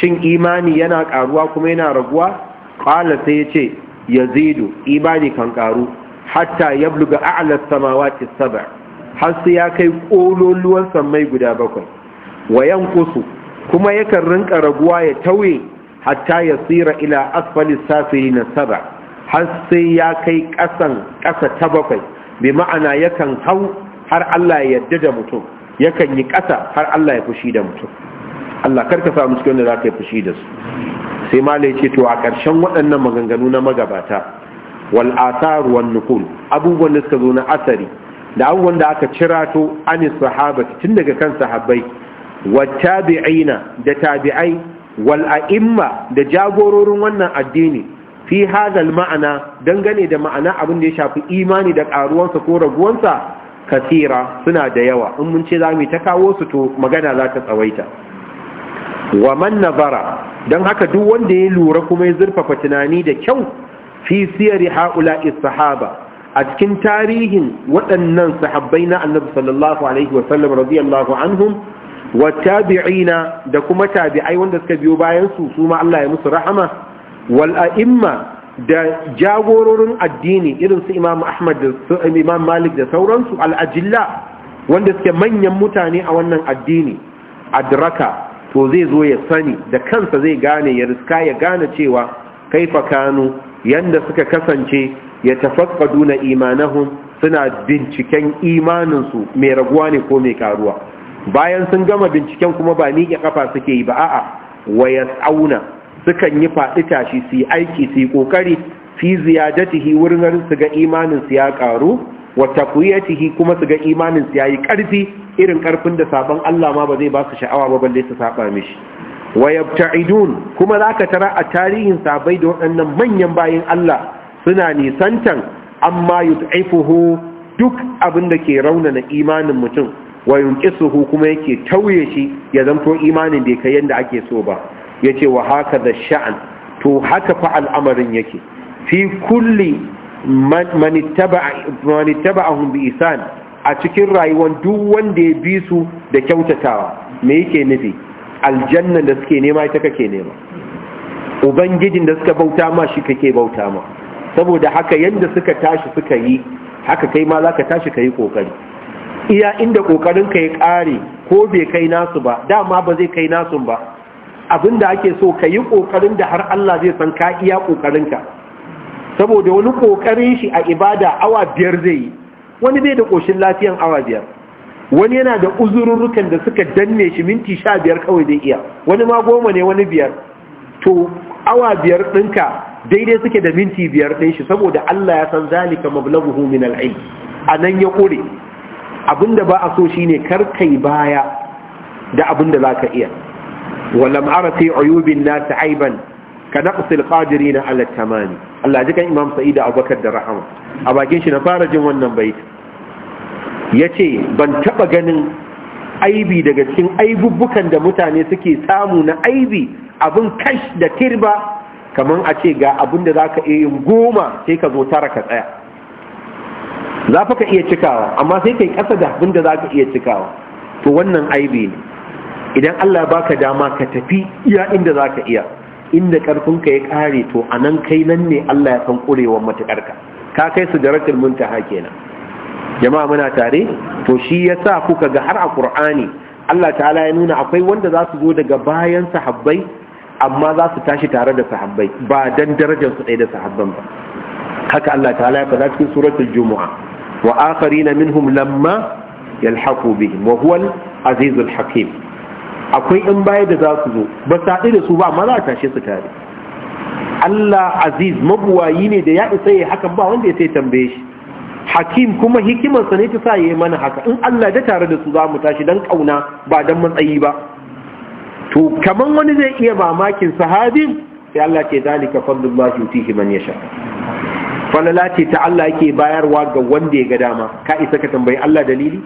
shin imani yana karuwa kuma yana raguwa qala sai ya ce yazidu imani kan karu hatta a'alar samawa samawati sab'a har sai ya kai kololuwan samai guda bakwai wa yankusu kuma yakan rinka raguwa ya tauye hatta ya tsira ila asfalis safirin saba har sai ya kai kasan kasa ta bakwai bi ma'ana yakan hau har Allah ya yarda da mutum yakan yi kasa har Allah ya fushi da mutum Allah karka samu cikin da za ka fushi da su sai malai ce to a ƙarshen waɗannan maganganu na magabata wal asar wan nukul abubuwan da suka zo na asari da abubuwan da aka cira to anis sahabati tun daga kan sahabbai wattabi'ina da tabi'ai wal a'imma da jagororin wannan addini fi hadal ma'ana dangane da ma'ana abin da ya shafi imani da karuwansa ko raguwansa kasira suna da yawa in mun ce zamu mu ta kawo su to magana za ta tsawaita wa man nazara don haka duk wanda ya lura kuma ya zurfafa tunani da kyau fi siyari haula sahaba a cikin tarihin waɗannan sahabbai na annabi sallallahu alaihi sallam radiyallahu anhum wattabi'ina da kuma tabi'ai wanda suka biyo bayan su su ma Allah ya musu rahama wal a'imma da jagororin addini irin su Imam Ahmad da su Imam Malik da sauransu al ajilla wanda suke manyan mutane a wannan addini adraka to zai zo ya sani da kansa zai gane ya riska ya gane cewa kaifa kanu yanda suka kasance ya tafaqqaduna imanahum suna binciken imaninsu mai raguwa ne ko mai karuwa bayan sun gama binciken kuma ba miƙe kafa suke yi ba a'a wa tsauna sukan yi faɗi tashi su yi aiki su yi ƙoƙari fi ziyadatihi wurin ganin su ga imanin su ya ƙaru wa takwiyatihi kuma su ga imanin su yayi ƙarfi irin ƙarfin da sabon Allah ma ba zai ba su sha'awa ba balle su saba mishi wa yabta'idun kuma zaka tara a tarihin sabai da waɗannan manyan bayin Allah suna nisantan amma yud'ifuhu duk abin da ke raunana imanin mutum wa yunqisuhu kuma yake tauye shi ya zanto imanin da kai yanda ake so ba yace wa haka da sha'an to haka fa al'amarin yake fi kulli man ittaba'ahum bi isan a cikin rayuwar duk wanda ya bi su da kyautatawa me yake nufi aljanna da suke nema ita kake nema ubangijin da suka bauta ma shi kake bauta ma saboda haka yanda suka tashi suka yi haka kai ma zaka tashi kai kokari iya inda kokarin ka ya kare ko bai kai nasu ba dama ba zai kai nasu ba abinda ake so ka yi kokarin da har Allah zai san ka iya kokarin ka saboda wani kokarin shi a ibada awa biyar zai yi wani bai da koshin lafiyan awa biyar wani yana da uzururrukan da suka danne shi minti sha biyar kawai zai iya wani ma goma ne wani biyar to awa biyar ɗinka daidai suke da minti biyar ɗin shi saboda Allah ya san zalika mablaghu min al a nan ya ƙure abinda ba a so shine kar kai baya da abinda zaka iya walam ara fi uyubin nas aiban ka naqsil qadirin ala tamam Allah jikan Imam Sa'id Abubakar da rahama a bakin shi na fara jin wannan bait yace ban taɓa ganin aibi daga cikin aibubbukan da mutane suke samu na aibi abin kash da tirba kamar a ce ga abin da za ka iya yin goma sai ka zo tara ka tsaya za fa ka iya cikawa amma sai kai kasa da abinda za ka iya cikawa to wannan aibi ne idan Allah ya baka dama ka tafi iya inda za ka iya inda karfinka ya kare to a nan kai nan ne Allah ya san kurewar matuƙar ka Ka kai su daratul muntaha kenan jama'a muna tare to shi yasa kuka ga har a Qur'ani Allah ta'ala ya nuna akwai wanda za su zo daga bayan sahabbai amma za su tashi tare da sahabbai ba dan darajar su ɗaya da sahabban ba haka Allah ta'ala ya faɗa cikin suratul Jumu'a wa na minhum lamma yalhaqu bihim wa huwa hakim akwai in baya da za su zo ba saɗi da su ba amma za a tashe su tare Allah aziz mabuwayi ne da ya isa ya hakan ba wanda ya sai tambaye shi hakim kuma hikimarsa ne ta sa ya yi mana haka in Allah da tare da su za mu tashi don ƙauna ba don matsayi ba to kamar wani zai iya mamakin sahabin sai Allah ke zalika fadlullahi yutihi man yasha falala ce ta Allah yake bayarwa ga wanda ya ga dama ka isa ka tambayi Allah dalili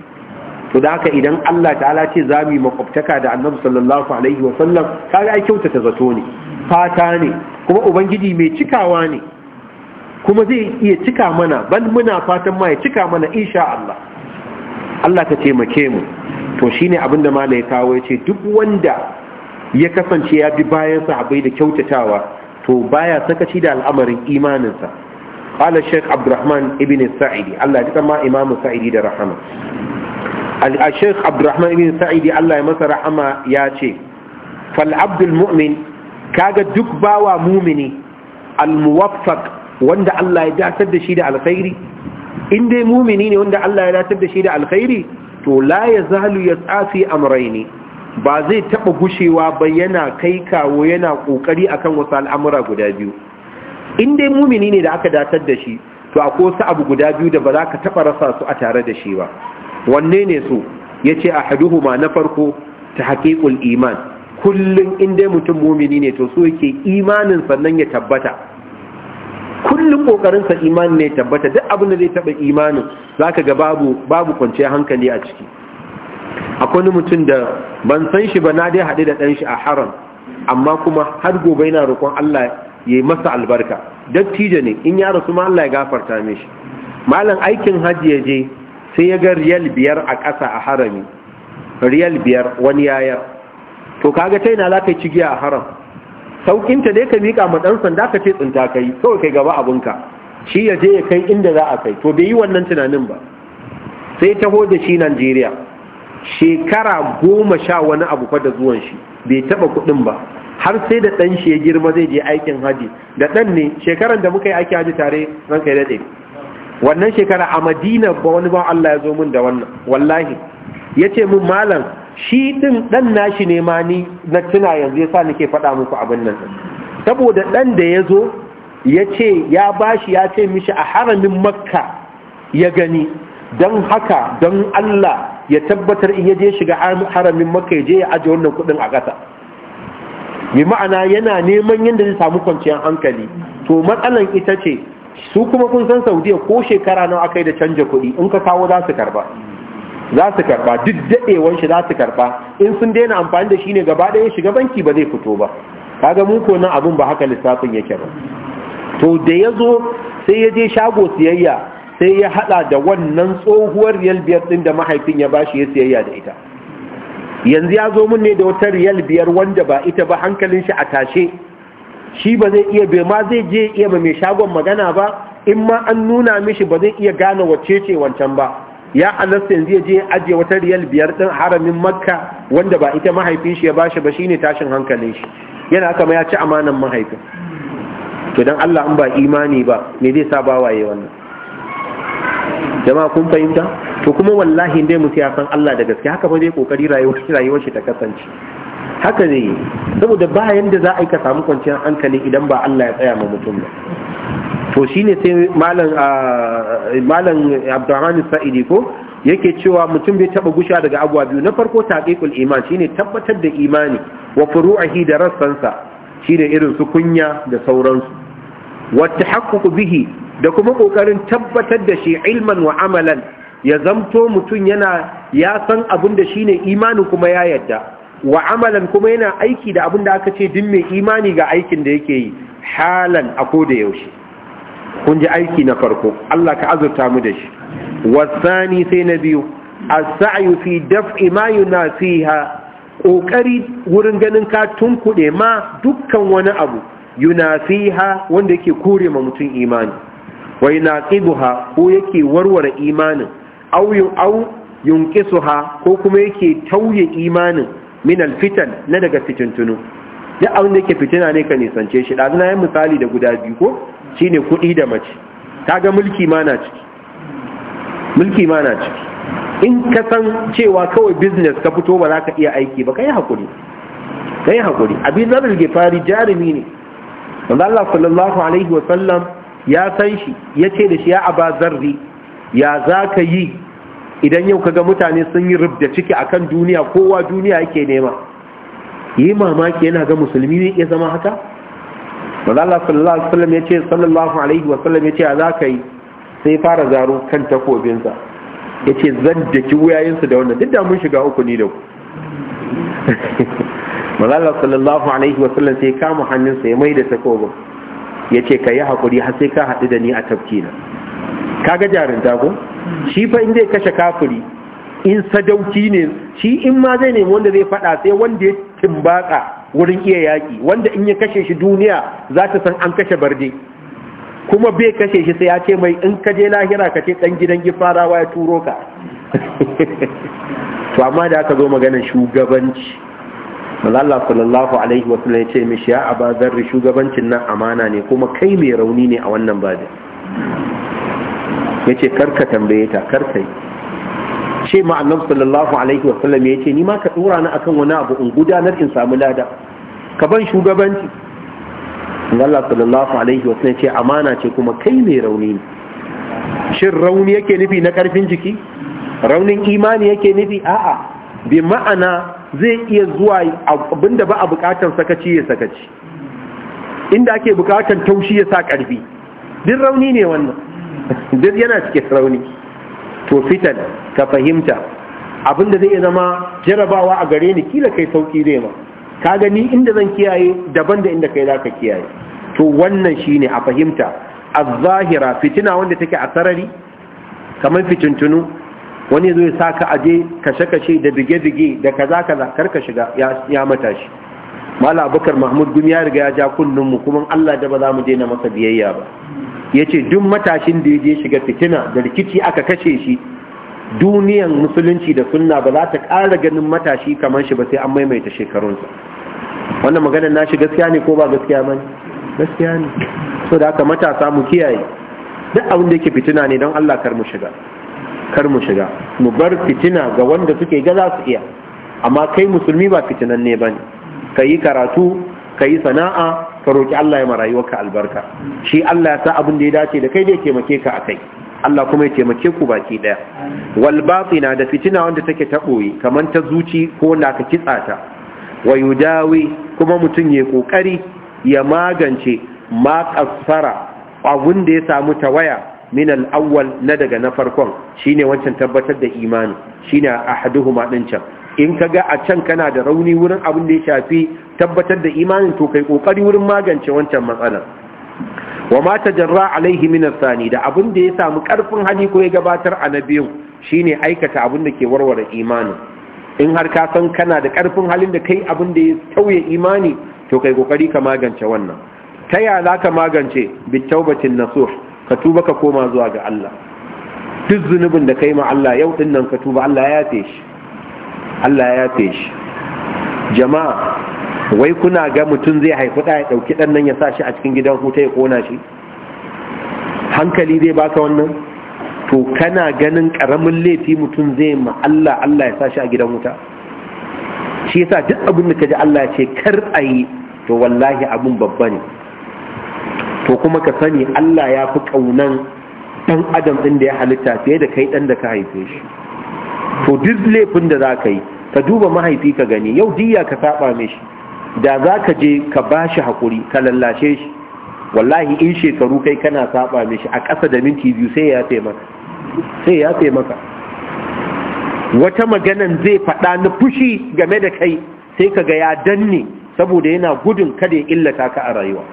to da haka idan Allah ta'ala ce za mu yi makwabtaka da annabi sallallahu alaihi wa sallam Ka ga ai kyautata zato ne fata ne kuma ubangiji mai cikawa ne kuma zai iya cika mana ban muna fatan ma ya cika mana insha Allah Allah ka taimake mu to shine abin da malai kawo ya ce duk wanda ya kasance ya bi bayan sahabbai da kyautatawa to baya sakaci da al'amarin imaninsa قال الشيخ عبد ibn sa'idi Allah ya ma imamu sa'idi da rahama al-sheikh abdurrahman ibn sa'idi Allah ya masa rahama ya ce fal abdul mu'min kaga duk bawa mumini al-muwaffaq wanda Allah ya datar da shi da alkhairi in dai mumini ne wanda Allah ya datar da shi da alkhairi to la tsafi ba zai taɓa gushewa ba yana kai kawo yana ƙoƙari akan wasu al'amura guda biyu in dai mumini ne da aka datar da shi to akwai wasu abu guda biyu da ba za ka taɓa rasa su a tare da shi ba wanne ne su ya ce a haduhu ma na farko ta haƙiƙul iman kullum in dai mutum mumini ne to so yake imanin sannan ya tabbata kullum ƙoƙarinsa imanin ne tabbata duk abin da zai taɓa imanin za ka ga babu babu kwanciyar hankali a ciki akwai wani mutum da ban san shi ba na dai haɗe da ɗan shi a haram amma kuma har gobe yana roƙon Allah ya yi masa albarka dattijo ne in ya rasu ma Allah ya gafarta mishi malam aikin hajji ya je sai ya ga riyal biyar a ƙasa a harami riyal biyar wani yayar to kaga ta yana za ci giya cigiya a haram da ne ka miƙa ma ɗan sanda ka ce tsinta ka yi kawai kai gaba abinka shi ya je ya kai inda za a kai to bai yi wannan tunanin ba sai taho da shi Najeriya shekara goma sha wani abu fa da zuwan shi bai taɓa kuɗin ba har sai da ɗan shi ya girma zai je aikin haji da ɗan ne shekaran da muka yi aiki haji tare zan kai daɗe wannan shekara a madina ba wani ba Allah ya zo min da wannan wallahi ya ce min malam shi ɗin ɗan nashi ne ma ni na tuna yanzu ya sa nake faɗa muku abin nan saboda ɗan da ya zo ya ce ya bashi ya ce mishi a haramin makka ya gani don haka don Allah ya tabbatar in ya je shiga haramin makka ya je ya aje wannan kuɗin a ƙasa bi ma'ana yana neman yadda zai samu kwanciyar hankali to matsalan ita ce su kuma kun san saudiya ko shekara nawa aka yi da canja kuɗi in ka kawo za su karba za su karba duk daɗewan shi za su karba in sun daina amfani da shi ne gaba ɗaya shiga banki ba zai fito ba kaga mu ko nan abin ba haka lissafin yake ba to da ya zo sai ya je shago siyayya sai ya haɗa da wannan tsohuwar riyal biyar ɗin da mahaifin ya bashi ya siyayya da ita yanzu ya zo mun ne da wata riyal biyar wanda ba ita ba hankalin shi a tashe shi ba zai iya bai ma zai je iya ba mai shagon magana ba in ma an nuna mishi ba zai iya gane wacce ce wancan ba ya halasta yanzu ya je ajiye wata riyal biyar din haramin makka wanda ba ita mahaifin shi ya bashi ba shi ne tashin hankalin shi yana kama ya ci amanan mahaifin to dan Allah in ba imani ba me zai sa bawaye wannan jama'a kun fahimta to kuma wallahi dai mutum ya san Allah da gaske haka fa dai kokari rayuwar shi ta kasance haka ne saboda ba yanda za a yi ka samu kwanciyar hankali idan ba Allah ya tsaya ma mutum ba to shine sai malam ah, malam Abdurrahman Sa'idi ko yake cewa mutum bai taba gusha daga abuwa biyu na farko taqiqul iman shine tabbatar da imani wa furu'ihi da rassansa shine irin su kunya da sauransu wata haƙuƙu bihi da kuma ƙoƙarin tabbatar da shi ilman wa amalan ya zamto mutum yana ya san abin da shi ne imanin kuma ya yadda wa amalan kuma yana aiki da abin da aka ce din mai imani ga aikin da yake yi halan a ko da yaushe kun ji aiki na farko Allah ka azurta mu da shi wasani sai na biyu as-sa'yu fi daf'i ma yunafiha ƙoƙari wurin ganin ka kuɗe, ma dukkan wani abu yunafiha wanda yake kore ma mutum imani wa yunaqiduha ko yake warware imanin aw aw yunqisuha ko kuma yake tauye imanin min alfitan na daga fitintunu duk abin da yake fitina ne ka nisance shi ɗazu na yi misali da guda biyu ko shine kuɗi da mace kaga mulki ma na ciki mulki ma na ciki in ka san cewa kawai business ka fito ba za ka iya aiki ba ka yi haƙuri ka yi haƙuri abin zarar gefari jarumi ne wanda Allah sallallahu alaihi wa sallam ya san shi ya ce da shi ya aba zarri ya za ka yi idan yau kaga mutane sun yi rubda ciki akan duniya kowa duniya yake nema yi mamaki yana ga musulmi ne ya zama haka wanda Allah sallallahu alaihi wa sallam ce ya za ka ya yi sai fara zaro kan takobinsa ya ce zan daki wuyayensu da wannan duk da mun shiga uku ni da ku manzala sallallahu alaihi wa sallam sai kama hannunsa ya mai da takobin ya ce ka yi haƙuri har sai ka haɗu da ni a tafki na kaga jarin ko shi fa in zai kashe kafiri in sadauki ne shi in ma zai nemi wanda zai faɗa sai wanda ya timbaka wurin iya yaƙi wanda in ya kashe shi duniya za ta san an kashe barde kuma bai kashe shi sai ya ce mai in ka je lahira ka ce ɗan gidan gifarawa ya turo ka (laughs) to amma da aka zo maganar shugabanci Allah sallallahu alaihi wasallam ya ce mishi ya aba zarri shugabancin nan amana ne kuma kai mai rauni ne a wannan babin ya ce karka tambaye ta karka yi ce ma annabi sallallahu alaihi wasallam ya ce ni ma ka dora ni akan wani abu in gudanar in samu lada ka ban shugabanci Allah sallallahu alaihi wasallam ce amana ce kuma kai mai rauni ne shin rauni yake nufi na karfin jiki raunin imani yake nufi a'a bi ma'ana zai iya zuwa abinda ba a bukatar sakaci ya sakaci inda ake bukatar taushi ya sa karfi din rauni ne wannan (laughs) din yana cikin rauni to fitan ka fahimta abinda zai zama jarabawa a gare ni kila kai sauki zai ma ka gani inda zan kiyaye daban da inda kai za ka kiyaye to wannan shine a fahimta a zahira fitina wanda take a sarari kamar fitintunu wani zo ya saka aje kashe-kashe da bige-bige da kaza-kaza karka shiga ya matashi mala abubakar mahmud gumi ya riga ya ja mu, kuma allah da ba za mu daina masa biyayya ba ya ce duk matashin da ya je shiga fitina da rikici aka kashe shi duniyan musulunci da sunna ba za ta ƙara ganin matashi kamar shi ba sai an maimaita shekarunsa wannan maganar nashi gaskiya ne ko ba gaskiya ba gaskiya ne so da haka matasa mu kiyaye duk abin da yake fitina ne don allah kar mu shiga kar mu shiga mu bar fitina ga wanda suke ga za su iya amma kai musulmi ba fitinan ne bane ka yi karatu ka yi sana'a ka roƙi Allah ya ma rayuwarka albarka shi Allah ya sa abin da ya dace da kai da ya taimake ka akai Allah kuma ya taimake ku baki ɗaya. wal batina da fitina wanda take ta boye kamar ta zuci ko na ka kitsa ta wa yudawi kuma mutum ya kokari ya magance ma kasara abun da ya samu tawaya min al-awwal na daga na farkon shine wancan tabbatar da imani shine ahaduhuma can in kaga a can kana da rauni wurin abin da ya shafi tabbatar da imanin to kai kokari wurin magance wancan matsalar wa ma jarra alaihi min al-thani da abin da ya samu karfin hali ko ya gabatar a na biyu shine aikata abin da ke warware imanin. in har ka san kana da karfin halin da kai abin da ya tauye imani to kai kokari ka magance wannan ta ya za ka magance bitaubatin nasuha ka tuba ka koma zuwa ga Allah duk zunubin da kai ma Allah yau din nan ka tuba Allah ya yafe shi Allah ya yafe shi jama'a wai kuna ga mutum zai haifi ɗaya ɗauki ɗannan nan ya sa shi a cikin gidan huta ya kona shi hankali zai baka wannan to kana ganin karamin laifi mutum zai ma Allah Allah ya sa shi a gidan wuta shi yasa duk abin da kaji Allah ya ce kar ayi yi to wallahi abin babba ne to kuma ka sani Allah ya fi ƙaunan ɗan adam ɗin da ya halitta fiye da kai ɗan da ka haife shi to duk laifin da za ka yi ka duba mahaifi ka gani yau diya ka saba mishi da za ka je ka ba shi haƙuri ka lallashe shi wallahi in shekaru kai kana saba mishi a ƙasa da minti biyu sai ya taimaka sai ya taimaka wata maganan zai faɗa na fushi game da kai sai ka ga ya danne saboda yana gudun kada ya illata ka a rayuwa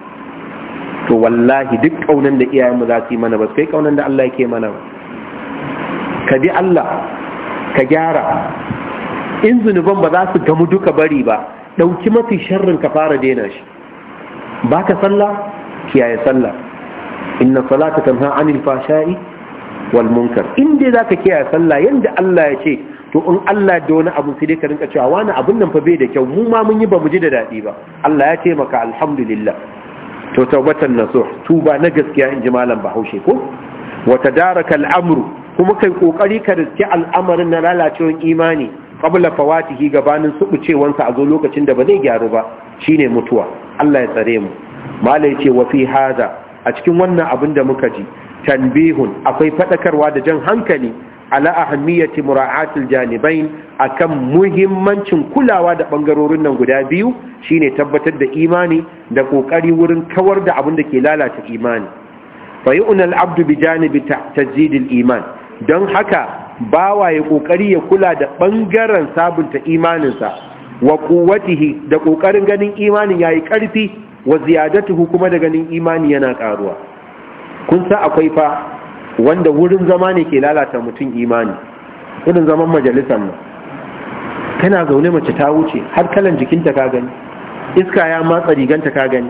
to wallahi duk kaunan da iyayenmu za su yi mana ba su kai kaunan da Allah yake mana ba ka bi Allah ka gyara in zunuban ba za su gamu duka bari ba ɗauki mafi sharrin ka fara daina shi ba ka sallah kiyaye sallah inna salata tanha anil fashai wal munkar in dai zaka kiyaye sallah yanda Allah ya ce to in Allah da wani abu sai dai ka rinka cewa wani abun nan fa bai da kyau mu ma mun yi ba mu ji da dadi ba Allah ya ce maka alhamdulillah to taubatan nasuh tuba na gaskiya in ji malam bahaushe ko Wata daraka al'amru kuma kai kokari ka riske al'amarin na lalacewar imani qabla fawatihi gabanin subucewansa a zo lokacin da ba zai gyaru ba shine mutuwa Allah ya tsare mu malai ce wa fi hada a cikin wannan abin da muka ji tanbihun akwai fadakarwa da jan hankali ala ahammiyati janibai janibain akan muhimmancin kulawa da bangarorin nan guda biyu shine tabbatar da imani da kokari wurin kawar da abin da ke lalata imani fa yu'nal abdu bi janibi tazidil iman don haka bawa ya kokari ya kula da bangaren sabunta imaninsa wa quwwatihi da kokarin ganin imanin yayi karfi wa ziyadatuhu kuma da ganin imani yana karuwa kun sa akwai fa wanda wurin zama ne ke lalata mutum imani wurin zaman majalisar nan kana zaune mace ta wuce har kalan jikinta ka gani iska ya matsa riganta ka gani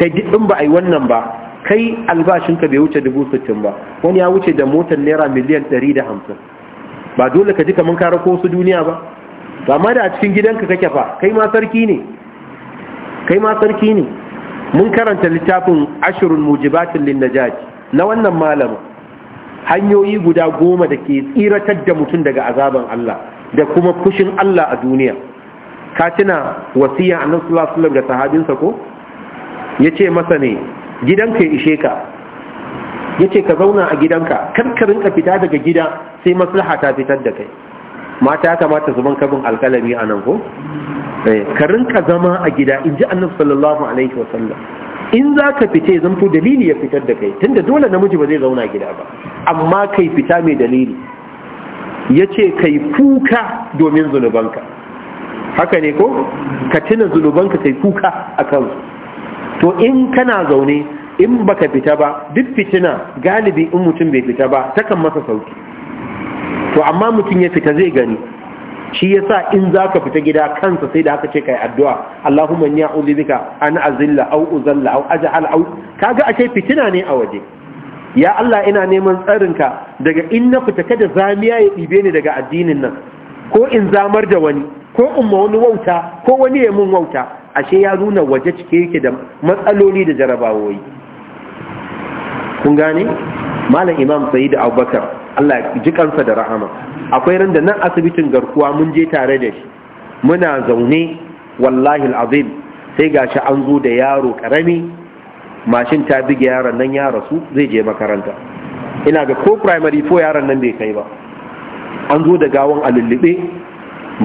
kai in ba a yi wannan ba kai albashinka bai wuce dubu sittin ba wani ya wuce da motar naira miliyan ɗari da hamsin ba dole ka ji kamar ka ko su duniya ba ba ma da a cikin gidanka kake fa kai ma sarki ne kai ma sarki ne mun karanta littafin ashirin mujibatin lin najati na wannan malamin hanyoyi guda goma da ke tsiratar da mutum daga azaban Allah da kuma fushin Allah a duniya ka tuna wasiya annabi sallallahu alaihi wasallam ga sahabinsa ko yace masa ne gidanka ya ishe ka yace ka zauna a gidanka kar ka rinka fita daga gida sai maslaha ta fitar da kai mata ya kamata su ban kabin alkalami a nan ko eh, ka rinka zama a gida in ji annabi sallallahu alaihi wasallam in za ka fita ya zanto dalili ya fitar da kai tunda dole namiji ba zai zauna gida ba amma kai fita mai dalili ya ce kai kuka domin zunubanka haka ne ko ka tuna zunubanka kai kuka a kansu to in kana zaune in baka fita ba duk fitina galibi in mutum bai fita ba takan masa sauki to amma mutum ya fita zai gani shi ya sa in za ka fita gida kansa sai da haka ce kai addu'a Allahumma ya a'udhu zika an azilla au uzalla aw aj'al Ka ga ashe fitina ne a waje ya Allah ina neman tsarinka daga in na fita kada zamiya ya ɗibe ni daga addinin nan ko in zamar da wani ko in ma wani wauta ko wani ya mun wauta ashe ya nuna waje cike yake da matsaloli da jarabawoyi kun gane malam imam sayyid abubakar Allah ya ji kansa da rahama akwai ran da nan asibitin garkuwa mun je tare da shi muna zaune wallahi azim sai gashi an zo da yaro karami mashin ta bige yaron nan ya rasu zai je makaranta ina ga ko primary ko yaron nan bai kai ba an zo da gawon a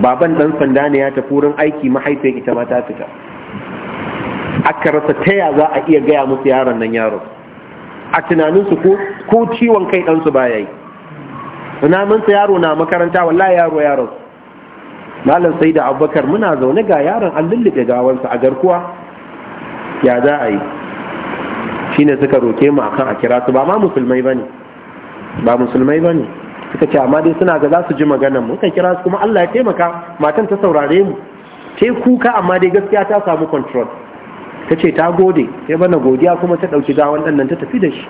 baban dan sanda ne ya tafi wurin aiki mahaifiyar ita ma ta fita aka rasa taya za a iya gaya musu yaron nan yaro a tunaninsu ko ciwon kai ɗansu ba ya yi ina mun sa yaro na makaranta wallahi yaro yaron malam sai da abubakar muna zaune ga yaron an lullube gawansa a garkuwa ya za a yi Shi ne suka roke mu akan a kira su ba ma musulmai bane ba musulmai bane suka ce amma dai suna ga za su ji maganar mu kan kira su kuma Allah ya taimaka matan ta saurare mu ce kuka amma dai gaskiya ta samu control ta ce ta gode sai bana godiya kuma ta ɗauki gawan ɗan nan ta tafi da shi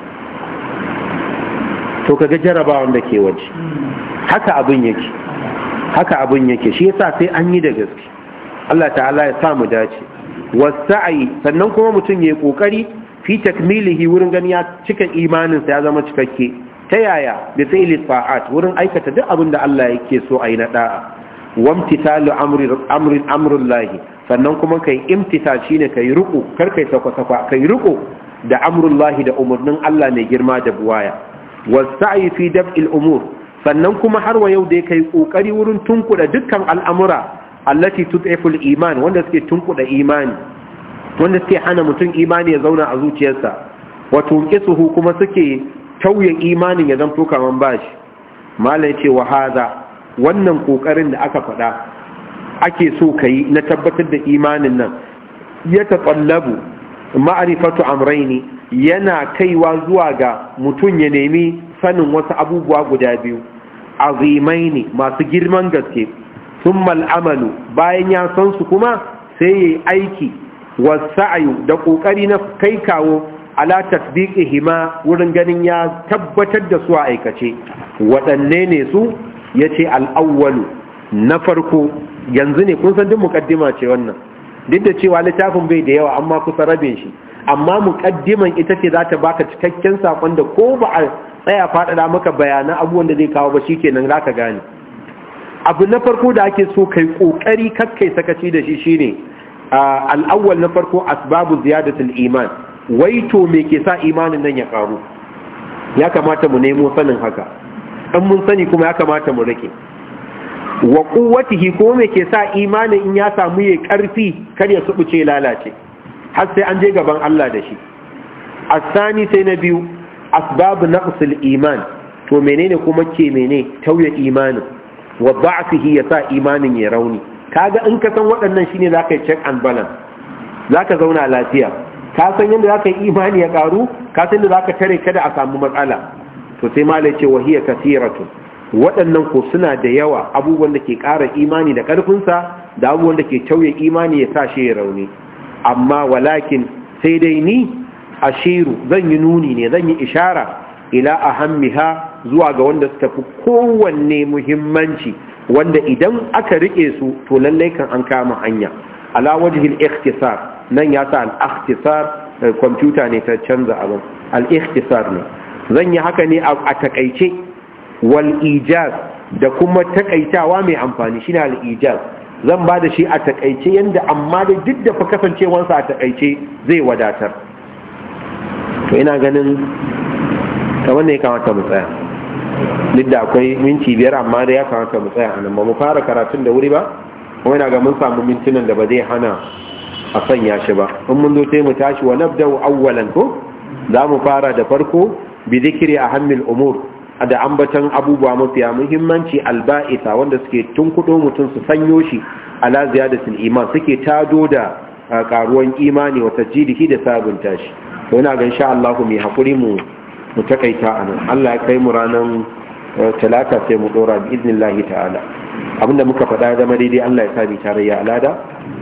to kaga jarabawan da ke waje haka abin yake haka abin yake shi yasa sai an yi da gaske Allah ta'ala ya sa mu dace wasa'i sannan kuma mutum ya kokari fi takmilihi wurin gani ya cika imanin sa ya zama cikakke ta yaya bi fi'li ta'at wurin aikata duk abin da Allah yake so a yi na da'a wamtithalu amri amri amrullahi sannan kuma kai imtita shine kai ruku kar kai sakwa sakwa kai ruku da amrullahi da umurnin Allah mai girma da buwaya wasa'i fi dab'il umur sannan kuma har wa yau da ya kai kokari wurin tunkuda dukkan al'amura allati tud'iful iman wanda suke tunkuda imani wanda suke hana mutum imani ya zauna a zuciyarsa wato tunqisuhu kuma suke tauye imanin ya zanto kaman bashi malai ce wa wannan kokarin da aka faɗa ake so kai na tabbatar da imanin nan ya taqallabu ma'arifatu amraini yana kaiwa zuwa ga mutum ya nemi sanin wasu abubuwa guda biyu azimai ne masu girman gaske sun mal'amalu bayan ya san su kuma sai ya yi aiki wasu ayu da ƙoƙari na kai kawo ala hima wurin ganin ya tabbatar da su a aikace waɗanne ne su Ya ce al'awwalu. na farko yanzu ne kun san duk mukaddima ce wannan duk da cewa littafin bai da yawa amma kusa rabin shi amma muƙaddiman ita ce za ta baka cikakken sakon da ko ba a tsaya faɗaɗa maka bayanan abubuwan da zai kawo ba shi kenan za ka gane abu na farko da ake so kai ƙoƙari kakkai sakaci da shi shine al'awwal na farko asbabu ziyadatul iman wai to me ke sa imanin nan ya karu ya kamata mu nemo sanin haka in mun sani kuma ya kamata mu rike wa kuwatihi ko me ke sa imani in ya samu ya karfi kar ya subuce lalace har sai an je gaban Allah da shi asani sai na biyu asbabu naqsul iman to menene kuma ke mene tauye imanin wa da'fihi ya sa imanin ya rauni kaga in ka san waɗannan shine zaka yi check and balance zaka zauna lafiya ka san yadda zaka yi imani ya karu ka san yadda zaka tare kada a samu matsala to sai malai ce wahiya kathiratu waɗannan ko suna da yawa abubuwan da ke ƙara imani da ƙarfinsa da abubuwan da ke tauye imani ya sa shi ya rauni amma walakin sai dai ni a shiru zan yi nuni ne zan yi ishara ila a hammiha zuwa ga wanda su tafi kowanne muhimmanci wanda idan aka riƙe su to lallai kan an kama hanya ala wajhil ikhtisar nan ya sa al ikhtisar eh, kwamfuta ne ta canza abin al ikhtisar ne zan yi haka ne a takaice wal da kuma takaitawa mai amfani shi al ijaz zan ba da shi a takaice yanda amma da duk da fa kasancewansa a takaice zai wadatar to ina ganin kamar ne ya kamata mu tsaya duk da akwai minti biyar amma da ya kamata mu tsaya anan ba mu fara karatun da wuri ba kuma ina ga mun samu mintunan da ba zai hana a sanya shi ba in mun zo sai mu tashi wa nabda'u awwalan ko za mu fara da farko bi a ahammil umur da ambatan abubuwa mafiya muhimmanci alba'isa wanda suke tunkudo mutum su sanyo shi ala ziyadatul iman suke tado da karuwan imani wata tajdidihi da sabunta shi to ina ga insha Allah mu hakuri mu mu takaita anan Allah ya kai mu ranan talata sai mu dora bi idnillahi ta'ala abinda muka faɗa zama daidai Allah ya sa ni tarayya alada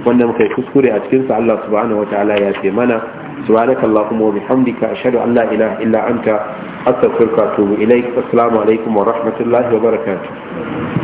wanda muka yi kuskure a cikin sa Allah subhanahu wataala ya ce mana subhanaka allahumma wa bihamdika ashhadu an la ilaha illa anta astaghfiruka wa atubu ilaik assalamu alaikum wa rahmatullahi wa barakatuh